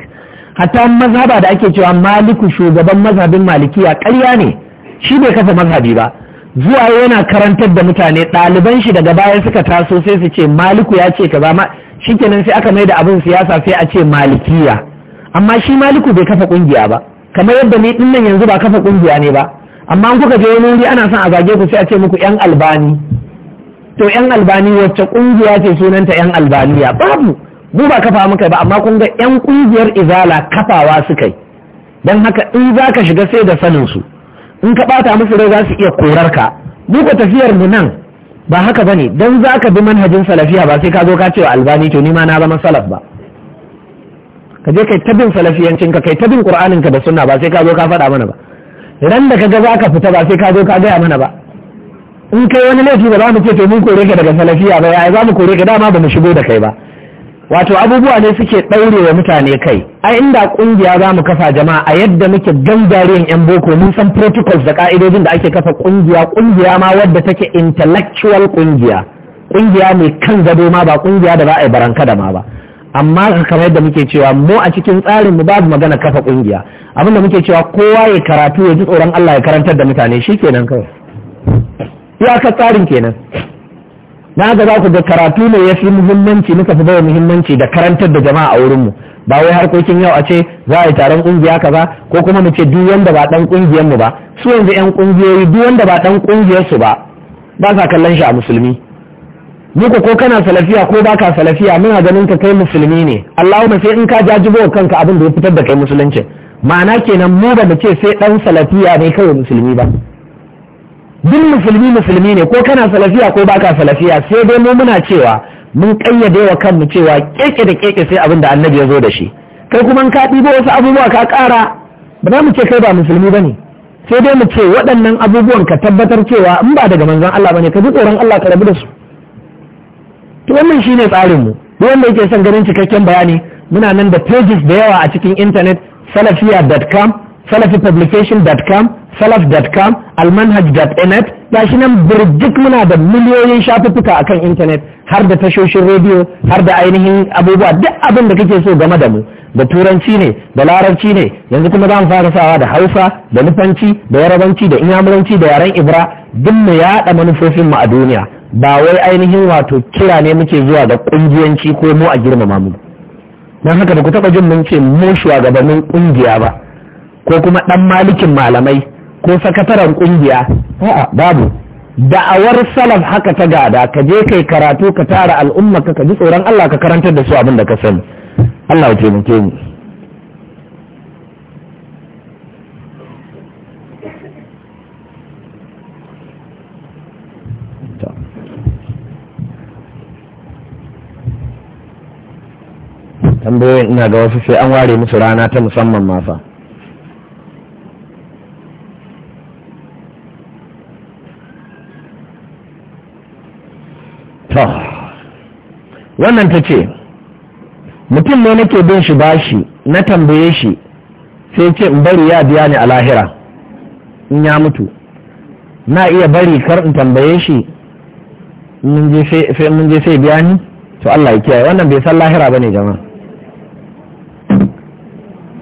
hatta mazhaba da ake cewa maliku shugaban mazhabin malikiya ƙarya ne shi bai kafa mazhabi ba zuwa yana karantar da mutane ɗaliban shi daga baya suka taso sai su ce maliku ya ce kaza ma shikenan sai aka mai da abin siyasa sai a ce malikiya amma shi maliku bai kafa kungiya ba kamar yadda ni dinnan yanzu ba kafa kungiya ne ba amma kuka je wani wuri ana son a zage ku sai a ce muku yan albani to yan albani wacce kungiya ce sunanta yan albaniya babu mu ba kafa muka ba amma kun ga yan kungiyar izala kafawa suka yi don haka in za ka shiga sai da sanin su in ka bata musu rai za su iya korar ka mu ko tafiyar mu nan ba haka bane dan za ka bi manhajin salafiya ba sai ka zo ka ce wa albani to ni ma na zama salaf ba ka je kai tabin salafiyancin ka kai tabin qur'anin ka da sunna ba sai ka zo ka faɗa mana ba ran da kaga za ka fita ba sai ka zo ka gaya mana ba in kai wani laifi ba za mu ce to mun kore ka daga salafiya ba ya za mu kore ka dama ba mu shigo da kai ba wato abubuwa ne suke ɗaure wa mutane kai a inda ƙungiya za mu kafa jama'a a yadda muke gan jariyan yan boko mun san protocols da ƙa'idojin da ake kafa ƙungiya ƙungiya ma wadda take intellectual ƙungiya ƙungiya mai kan gado ma ba ƙungiya da za a yi baranka da ma ba amma kamar yadda muke cewa mu a cikin tsarin mu babu magana kafa ƙungiya abin da muke cewa kowa ya karatu ya ji tsoron Allah ya karantar da mutane shi kenan kawai iyakar tsarin kenan na ga za ku ga karatu ne ya fi muhimmanci muka fi bai muhimmanci da karantar da jama'a a wurinmu ba wai harkokin yau a ce za a yi taron kungiya kaza ko kuma mu ce duk wanda ba dan kungiyar mu ba su yanzu yan kungiyoyi duk wanda ba dan kungiyar su ba ba sa kallon shi a musulmi muku ko kana salafiya ko baka ka salafiya muna ganin ka kai musulmi ne Allahumma sai in ka jajibo kanka abin da ya fitar da kai musulunci ma'ana kenan mu ba mu ce sai dan salafiya ne kawai musulmi ba duk musulmi musulmi ne ko kana salafiya ko baka salafiya sai dai mu muna cewa mun kayyade wa kanmu cewa keke da keke sai abin da annabi ya zo da shi kai kuma ka ɗibo wasu abubuwa ka ƙara ba za mu ce kai ba musulmi ba ne sai dai mu ce waɗannan abubuwan ka tabbatar cewa in ba daga manzon Allah ba ne ka ji tsoron Allah ka rabu da su to wannan shine tsarin mu duk wanda yake son ganin cikakken bayani muna nan da pages da yawa a cikin internet salafiya.com salafipublication.com salaf.com almanhaj.net shi nan birjik muna da miliyoyin shafuffuka kan intanet har da tashoshin rediyo har da ainihin abubuwa duk abin da kake so game da mu da turanci ne da larabci ne yanzu kuma za mu fara sawa da hausa da nufanci da yarabanci da inyamuranci da yaren ibra duk mu yaɗa mu a duniya ba wai ainihin wato kira ne muke zuwa ga kungiyanci ko mu a girmama mu don haka ba ku taɓa jin mun ce mu shugabannin ƙungiya ba ko kuma ɗan malikin malamai ko sakataren kungiya a'a babu da'awar salaf haka ta gada ka je kai karatu ka tara al'umma ka ji tsoron Allah ka karantar da su abin da ka sani Allah ya taimake mu tambayoyin ina ga wasu sai an ware musu rana ta musamman masa to wannan ta ce mutum ne nake bin shi bashi na tambaye shi sai ce in bari ya biya ni a lahira in ya mutu na iya bari kar in tambaye shi mun je sai biya ni to Allah ya kiyaye wannan bai san lahira bane jama'a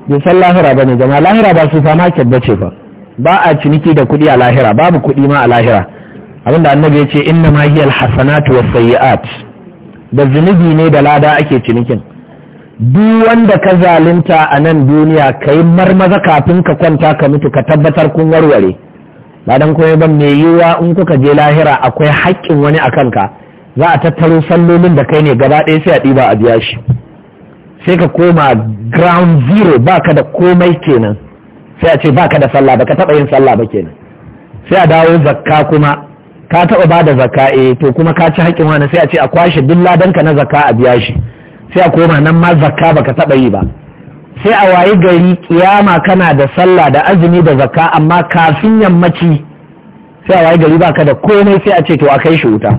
bai san lahira bane jama'a lahira ba su fama kyabbace ba ba a ciniki da kuɗi a lahira babu kuɗi ma a lahira abinda annabi ya ce inna ma hiya alhasanatu wasayyi'at da zunubi ne da lada ake cinikin duk wanda ka zalunta a nan duniya ka marmaza kafin ka kwanta ka mutu ka tabbatar kun warware ba dan kuma ban mai yiwuwa in kuka je lahira akwai haƙƙin wani akan ka za a tattaro sallolin da kai ne gaba ɗaya sai a ɗiba a biya shi sai ka koma ground zero baka da komai kenan sai a ce baka da sallah baka taɓa yin sallah ba kenan sai a dawo zakka kuma ka taɓa ba da zakka eh to kuma ka ci haƙƙin wani sai a ce a kwashe duk ladanka na zaka, a biya shi sai a koma nan ma zakka baka taɓa yi ba sai a wayi gari kiyama kana da sallah da azumi da zaka, amma kafin yammaci sai a wayi gari baka da komai sai a ce to a kai shi wuta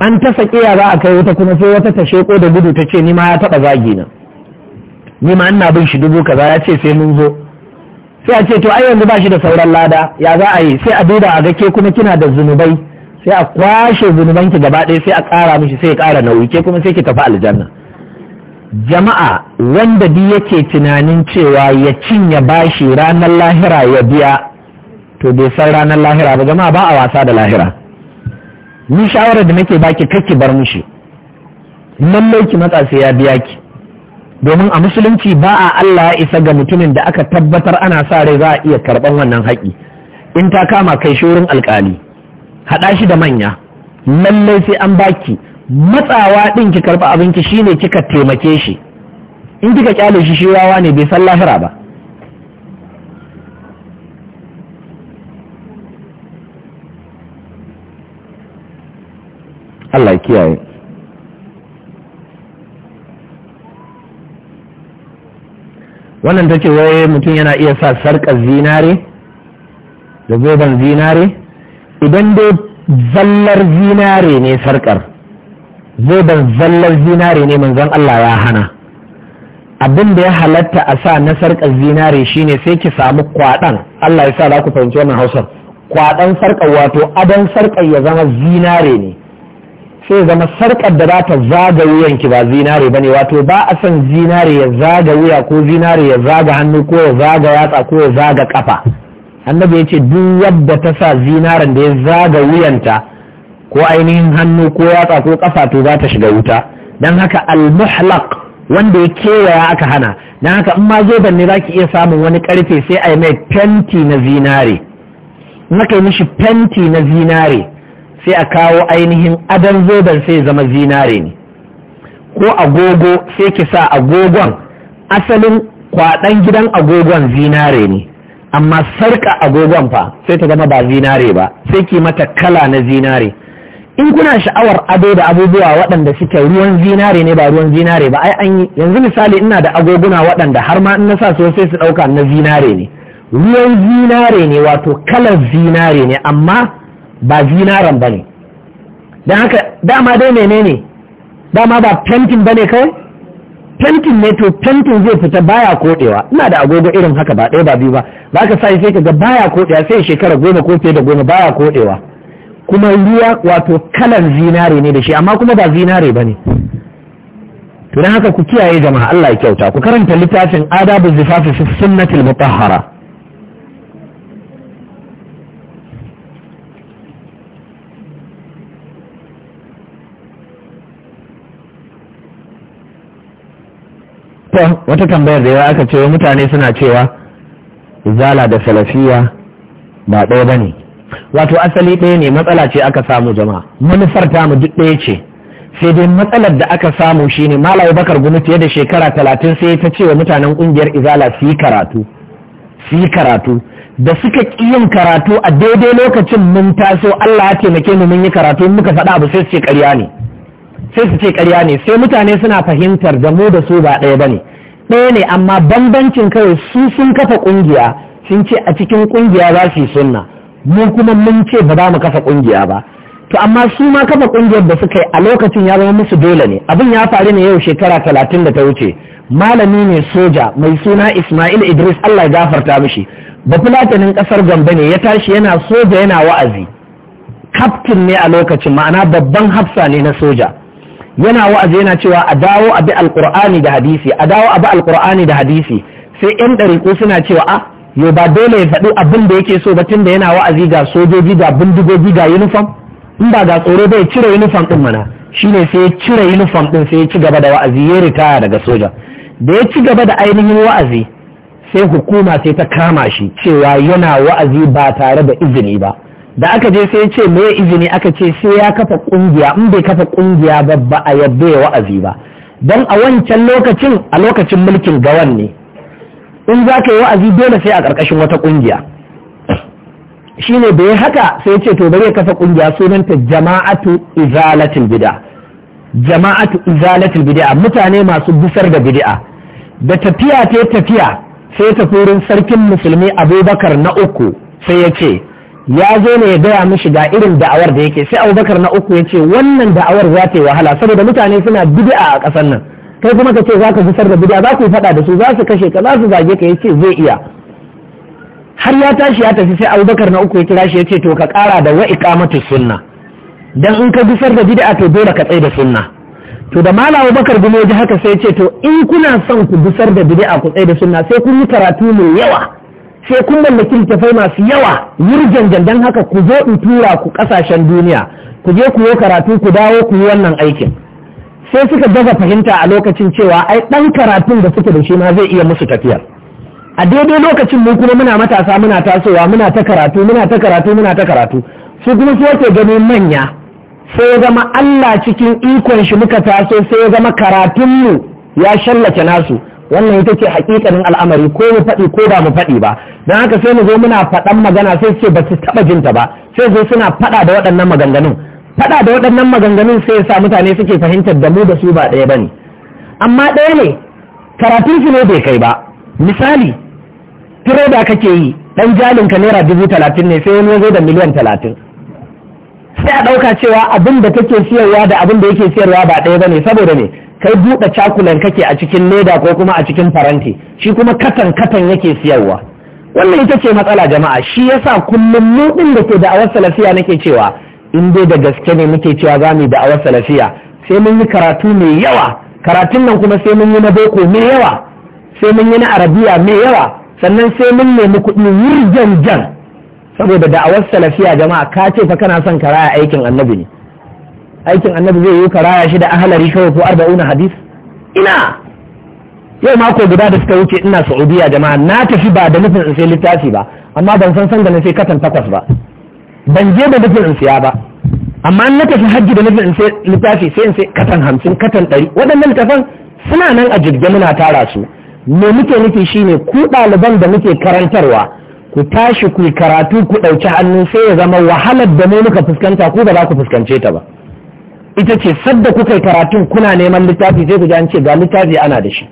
an ta sakiya za a kai wuta kuma sai wata ta sheko da gudu ta ce ni ma ya taɓa zagi na ni ma ina bin shi dubu kaza ya ce sai mun zo sai a ce to ai yanzu ba shi da sauran lada ya za a yi sai a duba a ga ke kuma kina da zunubai sai a kwashe zunubanki gaba ɗaya sai a ƙara mishi sai ya ƙara nauyi ke kuma sai ki tafi aljanna jama'a wanda duk yake tunanin cewa ya cinye bashi ranar lahira ya biya to bai san ranar lahira ba jama'a ba a wasa da lahira ni shawarar da nake baki ki bar mishi lallai ki matsa sai ya biya ki domin a musulunci ba a Allah ya isa ga mutumin da aka tabbatar ana sa rai za a iya karɓan wannan haƙi in ta kama kai shi wurin alƙali haɗa shi da manya lallai sai an baki matsawa ɗin ki karɓi abinci shine kika taimake shi in kika kyale shi shi wawa ne bai san lahira ba Allah kiyaye wannan ta ce wai mutum yana iya sa sarƙar zinare da zoben zinare idan dai zallar zinare ne sarkar ban zallar zinare ne manzon Allah ya hana abin da ya halatta a sa na sarkar zinare shine sai ki samu kwaɗan Allah ya sa za ku fahimci wannan hausar kwaɗan sarkar wato adon sarkar ya zama zinare ne sai zama sarkar da za ta zaga wuyanki ba zinare ba ne wato ba a son zinare ya zaga wuya ko zinare ya zaga hannu ko ya zaga yatsa ko ya zaga kafa annabi ya ce duk wadda ta sa zinaran da ya zaga wuyanta ko ainihin hannu ko yatsa ko kafa to za ta shiga wuta don haka almuhlak wanda ya kewaya aka hana don haka in ma zoben ne za ki iya samun wani karfe sai a yi mai fenti na zinare in aka yi mishi fenti na zinare sai a kawo ainihin adon zoben sai ya zama zinare ne ko agogo sai ki sa agogon asalin kwaɗan gidan agogon zinare ne amma sarka agogon fa sai ta zama ba zinare ba sai ki mata kala na zinare in kuna sha'awar ado da abubuwa waɗanda suke ruwan zinare ne ba ruwan zinare ba ai an yi yanzu misali ina da agoguna waɗanda har ma in na sa su sai su ɗauka na zinare ne ruwan zinare ne wato kalar zinare ne amma ba zinaren ba ne don haka dama dai menene dama ba fentin bane ne kawai fentin ne to fentin zai fita baya koɗewa ina da agogo irin haka ba ɗaya ba biyu ba ba ka sai sai ka ga baya kodewa sai shekara goma ko fiye da goma baya koɗewa. kuma ruwa wato kalan zinare ne da shi amma kuma ba zinare ba ne to don haka ku kiyaye jama'a Allah ya kyauta ku karanta littafin adabu zifafi sunnatul mutahhara wata tambayar da yawa aka ce mutane suna cewa izala da salafiya ba ɗaya ba ne wato asali ɗaya ne matsala ce aka samu jama'a manufar tamu duk ɗaya ce sai dai matsalar da aka samu shine malawi bakar gumi fiye da shekara talatin sai ta ce wa mutanen ƙungiyar izala su yi karatu su yi karatu da suka ƙi yin karatu a daidai lokacin mun taso allah ya taimake mu mun yi karatu in muka faɗa abu sai su ce ƙarya ne sai su ce karya ne sai mutane suna fahimtar da mu da su ba ɗaya bane ɗaya ne amma bambancin kawai su sun kafa ƙungiya sun ce a cikin ƙungiya za su yi sunna mu kuma mun ce ba za mu kafa ƙungiya ba to amma su ma kafa ƙungiyar da suka yi a lokacin ya zama musu dole ne abin ya faru ne yau shekara talatin da ta wuce malami ne soja mai suna ismail idris allah ya gafarta mishi bafulatanin ƙasar gombe ne ya tashi yana soja yana wa'azi kaftin ne a lokacin ma'ana babban hafsa ne na soja yana wa'azi yana cewa a dawo a bi alkur'ani da hadisi a dawo a bi alkur'ani da hadisi sai yan ɗariƙo suna cewa a ah, yo ba dole ya faɗi abin da yake so ba da yana wa'azi ga sojoji ga bindigogi ga uniform in ba ga tsoro bai cire uniform din mana shine sai ya cire yunifom ɗin sai ya ci gaba da wa'azi ya ritaya daga soja da ya ci gaba da ainihin wa'azi sai hukuma sai ta kama shi cewa yana wa'azi ba tare da izini ba da aka je sai ce me izini aka ce sai ya kafa kungiya in bai kafa kungiya ba ba a yadda ya wa'azi ba don a wancan lokacin a lokacin mulkin gawan ne in za ka yi wa'azi dole sai a ƙarƙashin wata kungiya shine da ya haka sai ce to bari ya kafa kungiya sunanta jama'atu izalatul bid'a jama'atu izalatul bid'a mutane masu busar da bid'a da tafiya ta tafiya sai ta wurin sarkin musulmi abubakar na uku sai ya ce ya zo ne ya gaya mishi ga irin da'awar da yake sai abubakar na uku ya ce wannan da'awar za ta yi wahala saboda mutane suna bid'a a ƙasar nan kai kuma ka ce za ka fitar da bid'a za ku faɗa da su za su kashe ka za su zage ka ya ce zai iya har ya tashi ya tafi sai abubakar na uku ya kira shi ya ce to ka ƙara da wa iqamatu sunna dan in ka gusar da bid'a to dole ka tsaye da sunna to da malam abubakar gumo ji haka sai ya ce to in kuna son ku gusar da bid'a ku tsaye da sunna sai kun yi karatu mai yawa sai kun mallaki littafai masu yawa yurjan don haka ku zo in tura ku kasashen duniya ku je ku yi karatu ku dawo ku yi wannan aikin sai suka gaza fahimta a lokacin cewa ai dan karatun da suke da shi ma zai iya musu tafiya a daidai lokacin mu kuma muna matasa muna tasowa muna ta karatu muna ta karatu muna ta karatu su kuma su wace gani manya sai ya zama Allah cikin ikon shi muka taso sai ya zama karatunmu ya shallace nasu wannan ita ce hakikanin al'amari ko mu faɗi ko ba mu faɗi ba don haka sai mu zo muna faɗan magana sai ce ba su taɓa jinta ba sai zo suna faɗa da waɗannan maganganun faɗa da waɗannan maganganun sai ya sa mutane suke fahimtar da mu da su ba ɗaya ba ne amma ɗaya ne karatun su ne bai kai ba misali tiroda kake yi ɗan jalinka naira dubu talatin ne sai wani ya zo da miliyan talatin sai a ɗauka cewa abin da take siyarwa da abin da yake siyarwa ba ɗaya bane saboda ne kai buɗe cakulan kake a cikin leda ko kuma a cikin faranti shi kuma katan katan yake siyarwa wannan ita ce matsala jama'a shi yasa kullum mu din da ke da awar salafiya nake cewa in dai da gaske ne muke cewa za mu da awar salafiya sai mun yi karatu mai yawa karatun nan kuma sai mun yi na boko mai yawa sai mun yi na arabiya mai yawa sannan sai mun nemi kuɗi wurjan jan saboda da'awar salafiya jama'a ka ce fa kana son karaya aikin annabi ne aikin annabi zai yi karaya shi da ahalari kawai ko arba'una hadis ina yau mako guda da suka wuce ina saudiya jama'a na tafi ba da nufin in sai littafi ba amma ban san san da na sai katan takwas ba ban je da nufin in siya ba amma na tafi hajji da nufin in sai littafi sai in sai katan hamsin katan ɗari waɗannan littafan suna nan a jirgin muna tara su me muke nufi shine ku ɗaliban da muke karantarwa ku tashi ku karatu ku ɗauki hannu sai ya zama wahalar da mu muka fuskanta ku ba za ku fuskance ta ba ita ce sadda kuka yi karatun kuna neman littafi sai ku ji an ce ga littafi ana da shi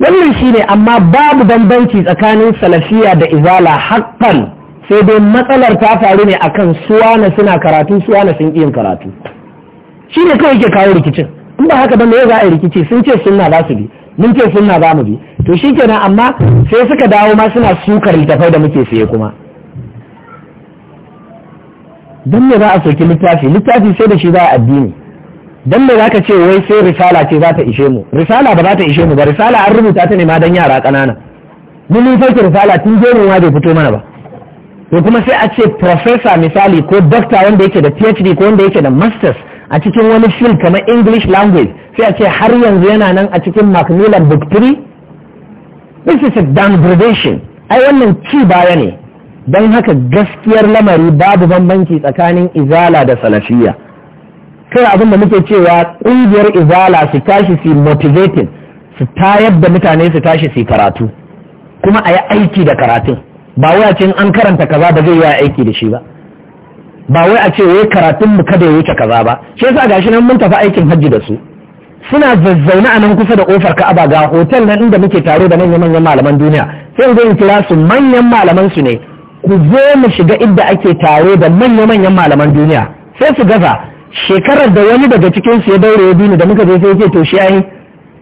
wannan shi ne amma babu bambanci tsakanin salafiya da izala haƙƙan sai dai matsalar ta faru ne akan suwana suna karatu suwana sun yin karatu shi ne kawai ke kawo rikicin in ba haka ba me za a yi rikici sun ce sunna za su bi mun ce sunna za mu bi to shi kenan amma sai suka dawo ma suna sukar littafai da muke saye kuma don me za a soki littafi littafi sai da shi za a addini don me za ka ce wai sai risala ce za ta ishe mu risala ba za ta ishe mu ba risala an rubuta ta ne ma don yara ƙanana mun mun sauke risala tun jerin ma bai fito mana ba to kuma sai a ce profesa misali ko dokta wanda yake da phd ko wanda yake da masters a cikin wani fil kamar english language sai a ce har yanzu yana nan a cikin macmillan book 3 this is a downgradation. ai wannan ci baya ne don haka gaskiyar lamari babu bambanci tsakanin izala da salafiya kai abin da muke cewa ƙungiyar izala su tashi su motivating su tayar da mutane su tashi su karatu kuma a yi aiki da karatun ba cin an karanta kaza ba zai yi aiki da shi ba ba wai a ce wai karatun mu kada ya wuce kaza ba shi yasa gashi nan mun tafi aikin hajji da su suna zazzauna a nan kusa da kofar Ka'aba ga hotel nan inda muke tare da manyan manyan malaman duniya sai in kira su manyan malaman su ne ku zo mu shiga inda ake tare da manyan manyan malaman duniya sai su gaza shekarar da wani daga cikin su ya daure ya dini da muka je sai yake to shi ai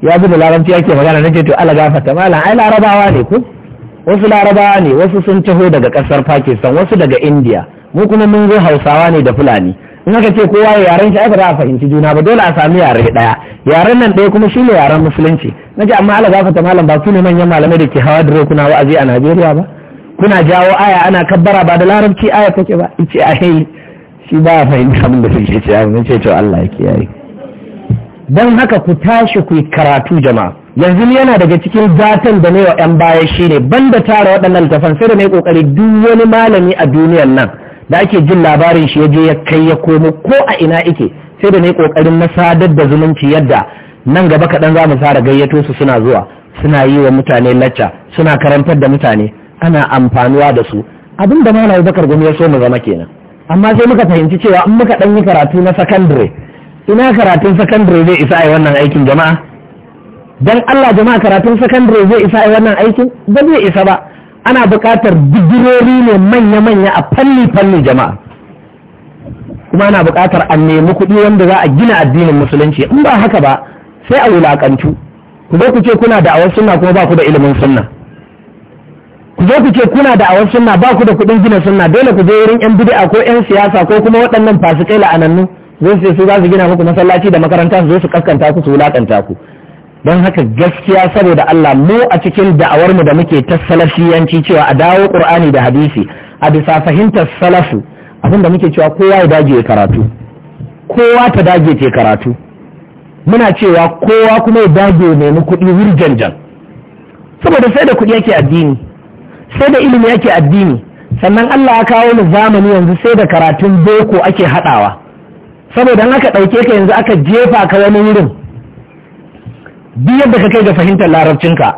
ya bi da larabci yake magana nake to Allah Gafata. malam ai larabawa ne ku wasu larabawa ne wasu sun taho daga kasar Pakistan wasu daga India mu kuma mun zo hausawa ne da fulani in aka ce kowa ya yaren shi aka za a fahimci juna ba dole a sami yare daya yaren nan daya kuma shine yaren musulunci na ce amma Allah fata malam ba su ne manyan malamai da ke hawa dare kuna wa'azi a Najeriya ba kuna jawo aya ana kabbara ba da larabci aya take ba ice a hei shi ba fahimta abin da suke ce abin ce to Allah ya kiyaye don haka ku tashi ku karatu jama'a yanzu yana daga cikin zatan da ne wa 'yan baya shine banda tara waɗannan littafan sai da mai kokari duk wani malami a duniyar nan da ake jin labarin shi ya je ya kai ya komo ko a ina ike sai da ne kokarin na sadar da zumunci yadda nan gaba kaɗan za mu fara gayyato su suna zuwa suna yi wa mutane lacca suna karantar da mutane ana amfanuwa da su abin da malam bakar gumi ya so mu zama kenan amma sai muka fahimci cewa in muka ɗan yi karatu na sakandare ina karatun sakandare zai isa a wannan aikin jama'a dan Allah jama'a karatun sakandare zai isa a wannan aikin ba zai isa ba ana buƙatar digirori ne manya-manya a fanni-fanni jama'a kuma ana buƙatar a nemi kuɗi wanda za a gina addinin musulunci in ba haka ba sai a wulaƙantu ku zo ku ce kuna da awar sunna kuma ba ku da ilimin sunna ku zo ku ce kuna da awar sunna ba ku da kuɗin gina sunna dole ku je wurin yan bid'a ko yan siyasa ko kuma waɗannan fasikai la'anannu zai su su za su gina muku masallaci da makaranta su zo su kaskanta ku su wulaƙanta ku don haka gaskiya saboda Allah mu a cikin da'awar mu da muke ta salafiyanci cewa a dawo ƙur'ani da hadisi a bisa fahimtar salafu abinda muke cewa kowa ya dage ya karatu kowa ta dage ce karatu muna cewa kowa kuma ya dage ya nemi kuɗi wurjanjan saboda sai da kuɗi yake addini sai da ilimi yake addini sannan Allah ya kawo mu zamani yanzu sai da karatun boko ake haɗawa saboda haka ɗauke ka yanzu aka jefa ka wani wurin duk yadda ka kai ga fahimtar larabcinka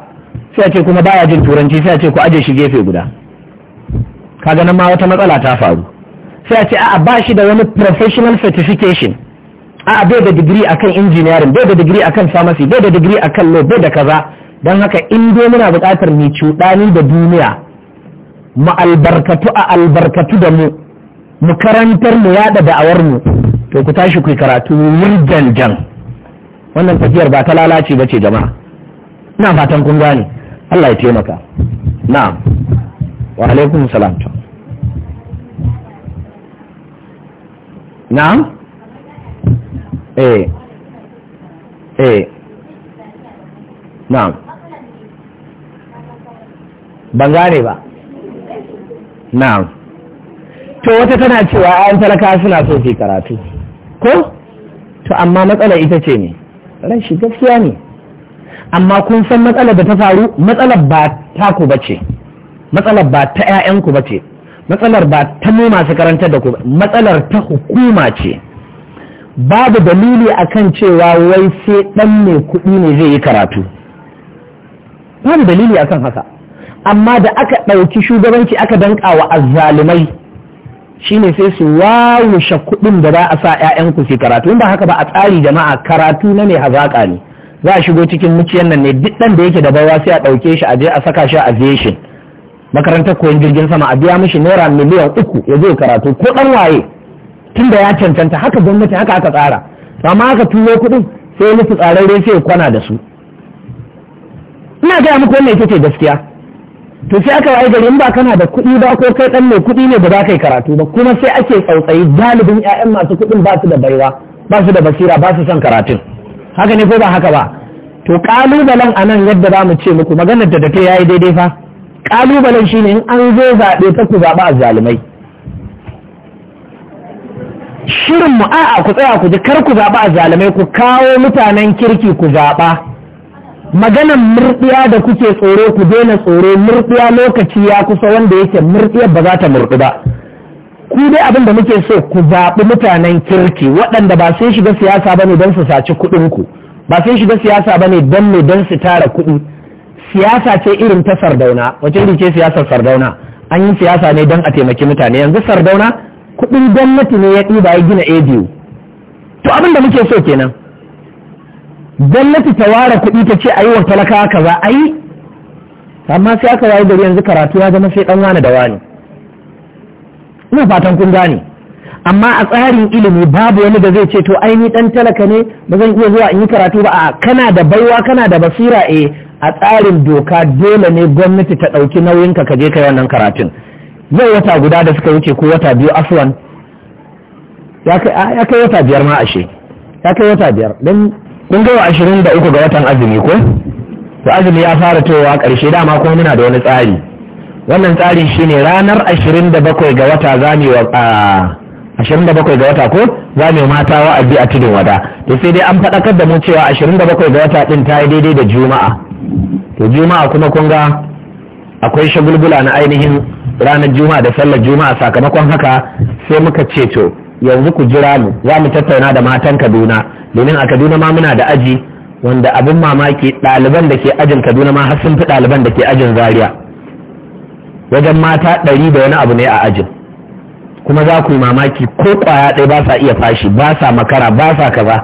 sai a ce kuma baya jin turanci sai a ce ku aje shi gefe guda kaga nan ma wata matsala ta faru sai a ce a'a ba shi da wani professional certification a'a bai da digiri akan engineering bai da digiri akan pharmacy bai da digiri akan law bai da kaza don haka in dai muna buƙatar mu cuɗani da duniya mu albarkatu a albarkatu da mu mu karantar mu yaɗa da'awar mu to ku tashi ku karatu wurjan jan wannan tafiyar ba ta lalace ba ce jama'a ina fatan kun gane Allah ya taimaka Na, wa alaikum salam Na, eh eh na, ban gane ba Na, to wata tana cewa an talaka suna so su karatu ko to amma matsalar ita ce ne ran gaskiya ne amma kun san matsalar da ta faru matsalar ba taku ba ce matsalar ba ta 'ya'yanku bace, matsalar ba ta mu masu karantar da ku matsalar ta hukuma ce babu dalili akan cewa wai sai ɗan mai kuɗi ne zai yi karatu babu dalili akan haka amma da aka ɗauki shugabanci aka danka wa azzalumai Shi ne sai su wawushe kuɗin da za a sa 'ya'yanku su karatu ba haka ba a tsari jama'a karatu na mai hazaƙa ne za a shigo cikin muciyan nan ne duk da yake da baiwa sai a ɗauke shi a je a saka shi a aviation makarantar koyon jirgin sama a biya mishi naira miliyan uku ya zo karatu ko ɗan waye tun da ya cancanta haka gwamnati haka aka tsara amma haka turo kuɗin sai ya nufi tsararre sai ya kwana da su ina gaya muku wannan ita ce gaskiya to sai aka waye gari in ba kana da kuɗi ba ko kai ɗan mai kuɗi ne ba za ka yi karatu ba kuma sai ake tsautsayi galibin 'ya'yan masu kuɗin ba su da baiwa ba su da basira ba su son karatun haka ne ko ba haka ba to kalubalen a nan yadda za mu ce muku maganar da ta yayi daidai fa kalubalen shine in an zo zaɓe ta ku zaɓa a zalumai shirin mu a'a ku tsaya ku ji kar ku zaɓa a zalumai ku kawo mutanen kirki ku zaɓa maganan murɗiya da kuke tsoro ku daina tsoro murɗiya lokaci ya kusa wanda yake murɗiyar ba za ta murɗu ba ku dai abin da muke so ku zaɓi mutanen kirki waɗanda ba sun shiga siyasa ba ne don su saci kuɗin ku ba sun shiga siyasa ba ne don ne don su tara kuɗi siyasa ce irin ta sardauna wacce ne ce siyasar sardauna an yi siyasa ne don a taimaki mutane yanzu sardauna kuɗin gwamnati ne ya ɗiba ya gina a to abin da muke so kenan gwamnati ta ware kuɗi ta ce ayi wa talakawa a yi? amma sai aka wayi gari yanzu karatu ya zama sai wani da wani ina fatan kun gane amma a tsarin ilimi babu wani da zai ce to ai ni dan talaka ne ba zan iya zuwa in yi karatu ba a kana da baiwa kana da basira e a tsarin doka dole ne gwamnati ta ɗauki nauyin ka je kai wannan karatun yau wata guda da suka wuce ko wata biyu afwan ya kai wata biyar ma ashe ya kai wata biyar don mun ga ashirin da uku ga watan azumi ko to azumi ya fara towa ƙarshe dama ko muna da wani tsari wannan tsari shine ranar ashirin da bakwai ga wata zami wa ashirin da bakwai ga wata ko zami wa mata abi a tudun wada to sai dai an faɗakar da mu cewa ashirin da bakwai ga wata ɗin ta yi daidai da juma'a to juma'a kuma kun ga akwai shagulgula na ainihin ranar juma'a da sallar juma'a sakamakon haka sai muka ce to yanzu ku jira mu za mu tattauna da matan kaduna domin a kaduna ma muna da aji wanda abin mamaki ɗaliban da ke ajin kaduna ma har sun fi ɗaliban da ke ajin zaria wajen mata ɗari da wani abu ne a ajin kuma za ku yi mamaki ko ƙwaya ɗaya ba sa iya fashi ba sa makara ba sa kaza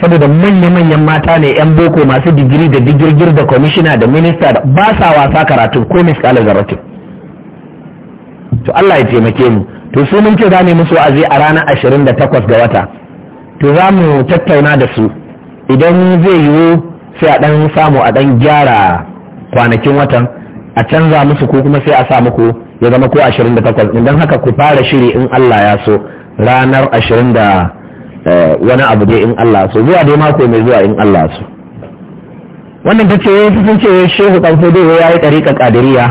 saboda manya-manyan mata ne 'yan boko masu digiri da digirgir da kwamishina da minista da ba sa wasa karatu ko miskalar zaratu to Allah ya taimake mu to su mun ce za mu yi musu wa'azi a ranar 28 ga wata to za mu tattauna da su idan zai yiwu sai a ɗan samu a ɗan gyara kwanakin watan a canza musu ko kuma sai a sa muku ya zama ko 28 idan haka ku fara shiri in Allah ya so ranar 20 da eh, wani abu dai in Allah so zuwa dai mako mai zuwa in Allah so wannan ta ce sun ce shehu dai ya yi ɗariƙa ƙadiriya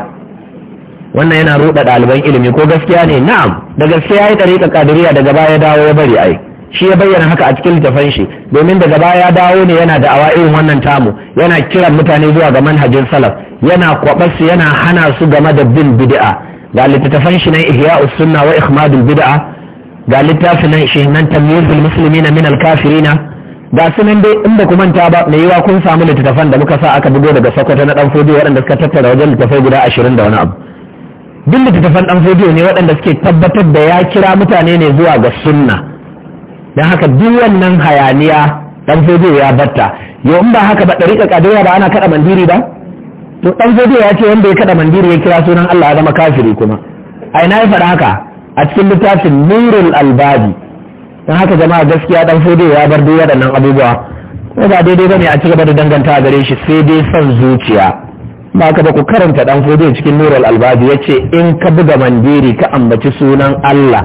wannan yana ruɗa ɗaliban ilimi ko gaskiya ne na'am da gaskiya ya yi ɗariƙa ƙadiriya daga baya dawo ya bari ai shi ya bayyana haka a cikin littafin shi domin daga baya ya dawo ne yana da awa irin wannan tamu yana kiran mutane zuwa ga manhajin salaf yana kwabar su yana hana su game da bin bid'a ga littafin shi na ihya sunna wa ikhmadul bid'a ga littafin nan shi nan tamyizul muslimina min al-kafirina ga sunan dai in ba ku manta ba mai yiwa kun samu littafan da muka sa aka bugo daga Sokoto na dan fodiyo waɗanda suka tattara wajen littafai guda ashirin da wani abu duk littattafan dan fodiyo ne waɗanda suke tabbatar da ya kira mutane ne zuwa ga sunna don haka duk wannan hayaniya dan fodiyo ya batta yau in ba haka ba ɗariƙa ƙadiriya ba ana kaɗa mandiri ba to dan fodiyo ya ce wanda ya kaɗa mandiri ya kira sunan Allah ya zama kafiri kuma a ina ya faɗa haka a cikin littafin nurul albabi don haka jama'a gaskiya dan fodiyo ya bar duk waɗannan abubuwa ko ba daidai ba ne a ci gaba da danganta gare shi sai dai son zuciya ba ka ba ku karanta dan fodiyo cikin nurul albabi ya ce in ka buga mandiri ka ambaci sunan Allah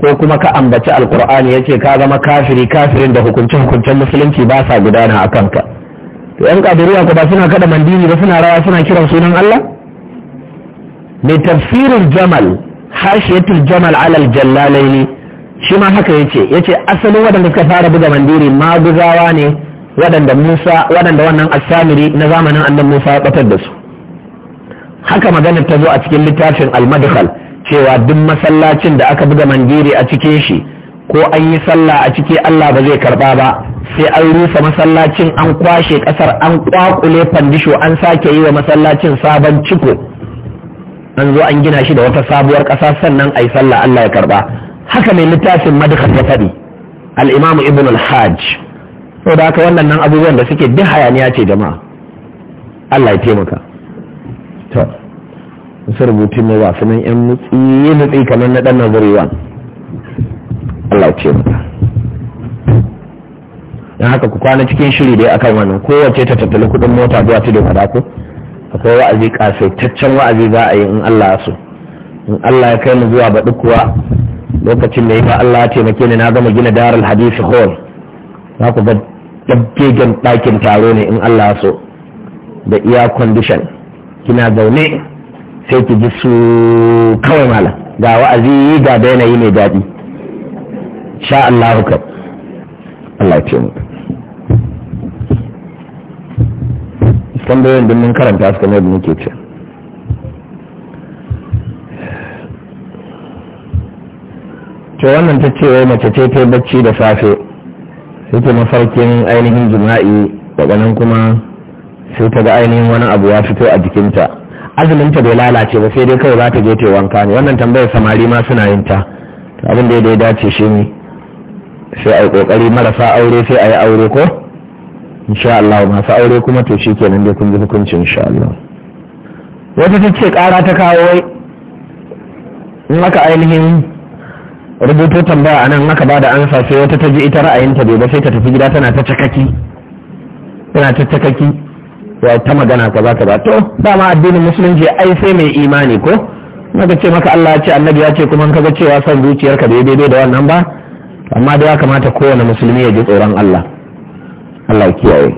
ko kuma ka ambaci alkur'ani yace ka zama kafiri kafirin da hukunce hukuncen musulunci ba sa gudana a kanka to yan kadiriya ko ba suna kada mandini ba suna rawa suna kiran sunan Allah mai tafsirin jamal hashiyatul jamal alal jallalaini shi ma haka yace yace asalin waɗanda suka fara buga mandiri maguzawa ne waɗanda Musa waɗanda wannan asamiri na zamanin annabi Musa ya batar da su haka maganar ta zo a cikin littafin al-madkhal cewa duk masallacin da aka buga mangiri a cikin shi ko an yi sallah a ciki Allah ba zai karba ba sai an rusa masallacin an kwashe kasar an kwakule fandisho an sake yi wa masallacin sabon ciko an zo an gina shi da wata sabuwar kasa sannan ai sallah Allah ya karba haka mai littafin madkhal ya faɗi al-imam ibn al-hajj saboda haka wannan nan abubuwan da suke duk hayaniya ce jama'a Allah ya taimaka to sai rubutu na wasu nan yan nutsi nutsi kamar na dan nazariwa Allah ce mata dan haka ku kwana cikin shiri dai akan wannan kowace ta tattali kudin mota zuwa ta da ku akwai wa'azi kasaitaccen wa'azi za a yi in Allah ya so in Allah ya kai mu zuwa baɗi kuwa lokacin da ya Allah ya taimake ni na gama gina darul hadisi hall za ku ga dabbegen ɗakin taro ne in Allah ya so da iya condition kina zaune sai ki ji su kawai malam ga wa'azi ga da yanayi mai daɗi sha Allah ka Allah ce mu tambayoyin din mun karanta su kamar da muke ce to wannan ta ce wai mace ce ta bacci da safe sai ta mafarkin ainihin jima'i daga nan kuma sai ta ga ainihin wani abu ya fito a jikinta azuminta bai lalace ba sai dai kawai za ta je ta wanka ne wannan tambayar samari ma suna yin ta abin da ya dace shi ne sai a yi kokari marasa aure sai a yi aure ko insha Allah masu aure kuma to shi kenan dai kun ji hukunci insha Allah wata ta ce kara ta kawo wai in aka ainihin rubuto tambaya a nan aka bada ansa sai wata ta ji ita ra'ayinta bai ba sai ta tafi gida tana ta cakaki tana ta cakaki ya ta magana kaza kaza to dama addinin musulunci ai sai mai imani ko naga ce maka Allah ya ce annabi ya ce kuma in kaga cewa san zuciyarka bai daidai da wannan ba amma da ya kamata kowane musulmi ya ji tsoron Allah Allah ya kiyaye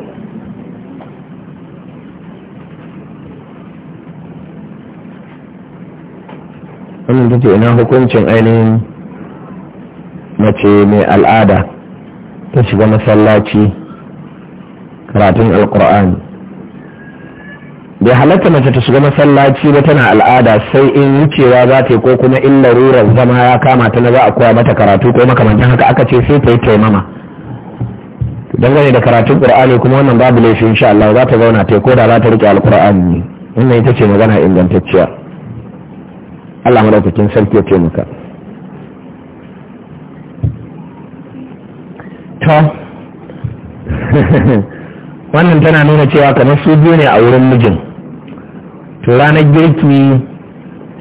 wannan ina hukuncin ainihin mace mai al'ada ta shiga masallaci karatun alkur'ani bai halatta mace ta shiga masallaci ba tana al'ada sai in wucewa za ta yi ko kuma in larurar zama ya kama ta na za a koya mata karatu ko makamantan haka aka ce sai ta yi taimama dangane da karatun qur'ani kuma wannan babu laifi insha Allah za ta zauna ta ko da za ta rike alqur'ani wannan ita ce magana ingantacciya Allah madaukakin sarki ya taimaka ta wannan tana nuna cewa kamar su biyu ne a wurin mijin to ranar girki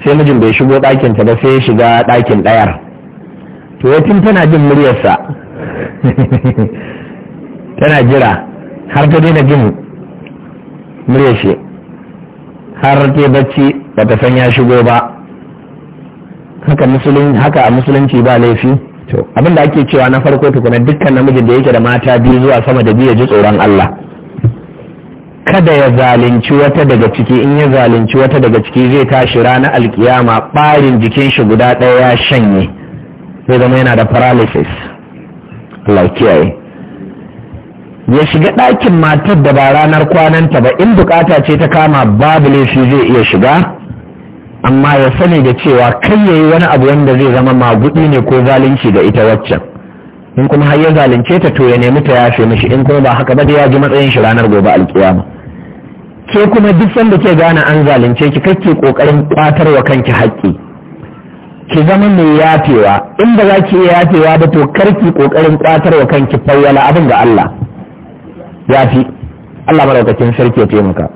sai mijin bai shigo ɗakin ba sai ya shiga ɗakin ɗayar to yatin tana jin muryarsa tana jira har ta daina jin muryar har ta bacci ba ta san ya shigo ba haka a musulunci ba laifi to abin ake cewa na farko tukuna dukkan namijin da yake da mata biyu zuwa sama da biyu ya ji tsoron Allah kada ya zalunci wata daga ciki in ya zalunci wata daga ciki zai tashi rana alkiyama barin jikin shi guda ɗaya ya shanye zai zama yana da paralysis ya shiga ɗakin matar da ba ranar kwananta ba in bukata ce ta kama babu laifi zai iya shiga amma ya sani da cewa kai yayi wani abu wanda zai zama magudi ne ko zalunci ga ita waccan in kuma har ya zalunce ta to ya nemi ta yafe mishi in kuma ba haka ba da ya ji matsayin shi ranar gobe alkiyama ke kuma duk sanda ke gane an zalunce ki kake kokarin kwatar wa kanki haƙƙi ki zama mai yafewa in ba za ki iya yafewa ba to karki kokarin kwatar wa kanki fayyala abin ga Allah yafi Allah maraukakin sarki ya taimaka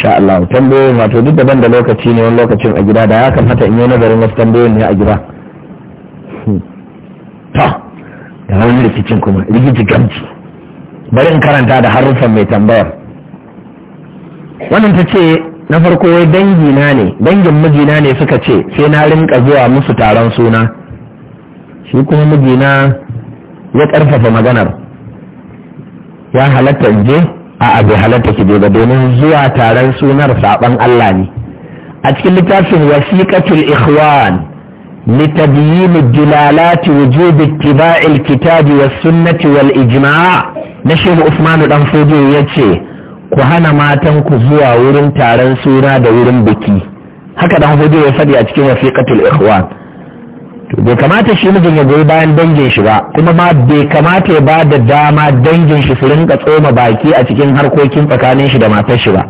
sha Allah tambayoyin wato duk daban da lokaci ne wani lokacin a gida da ya kamata in yi nazarin wasu tambayoyin ne a gida hmm. ta da wani rikicin kuma rikici gamci bari in karanta da haruffan mai tambayar wannan ta ce na farko wai dangi na ne dangin mijina ne suka ce sai na rinka zuwa musu taron suna shi kuma mijina ya karfafa maganar ya halatta in je A'a bai halatta ki ba domin zuwa taron sunar saban Allah ne a cikin littafin wasiƙatul ikhwan litabyin dalalat wujub ittiba'il kitabi was sunnati wal ijma'a na shehu Usman dan Fodo yace ku hana matan ku zuwa wurin taron suna da wurin biki haka ɗan Fodo ya faɗi a cikin wasiƙatul ikhwan bai kamata shi mijin ya goyi bayan dangin shi ba kuma ma bai kamata ya ba da dama dangin shi su rinka tsoma baki a cikin harkokin tsakanin shi da matar shi ba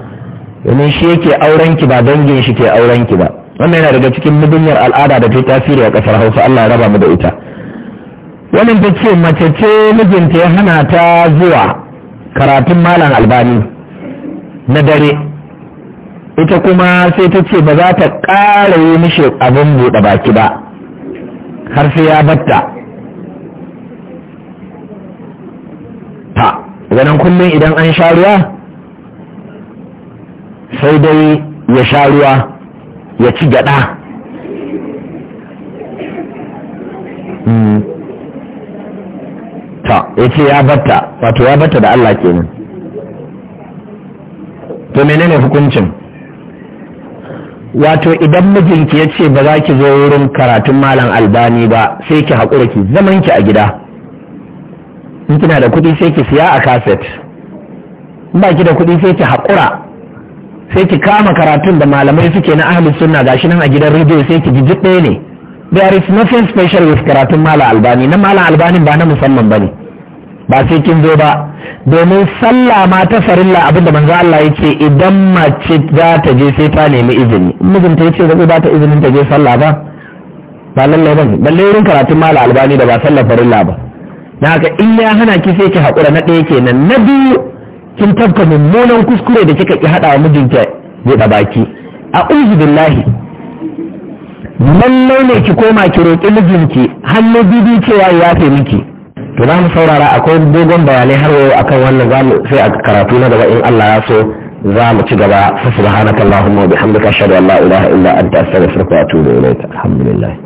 domin shi yake auren ki ba dangin shi ke auren ki ba wannan yana daga cikin mudunyar al'ada da ta tasiri a kasar hausa Allah ya raba mu da ita wannan ta ce mace ce mijinta ya hana ta zuwa karatun malam albani na dare ita kuma sai ta ce ba za ta ƙara yi mishi abin buɗe baki ba har sai ya batta ta ganin kullum idan an sha ruwa sai dai ya sha ruwa ya ci gada hmm. ta ya ce ya batta wato ya batta da Allah kenan to menene hukuncin wato idan mijinki ya ce ba za ki zo wurin karatun malam albani ba sai ki haƙura ki zaman ki a gida in kina da kuɗi sai ki siya a kaset in ba ki da kuɗi sai ki haƙura sai ki kama karatun da malamai suke na ahli sunna gashi nan a gidan rediyo sai ki ji ɗaya ne there is nothing special with karatun malam albani na malam albani ba na musamman ba ne ba sai kin zo ba domin sallah ma ta farilla abinda manzo Allah yake idan mace za ta je sai ta nemi izini mijinta yace zai ba ta izinin ta je sallah ba ba lallai ba balle wurin karatun mala albani da ba sallah farilla ba dan haka in ya hana ki sai ki hakura na ɗaya kenan na biyu kin tabka mummunan kuskure da kika ki hada wa mijinta da baki a billahi lallai ne ki koma ki roƙi mijinki hannu bibi cewa ya fi miki to za mu saurara akwai dogon bayanai har yau akan wannan zamu sai a karatu na gaba in Allah ya so za mu ci gaba fa subhanakallahumma wa bihamdika ashhadu an la ilaha illa anta astaghfiruka wa atubu ilayk alhamdulillah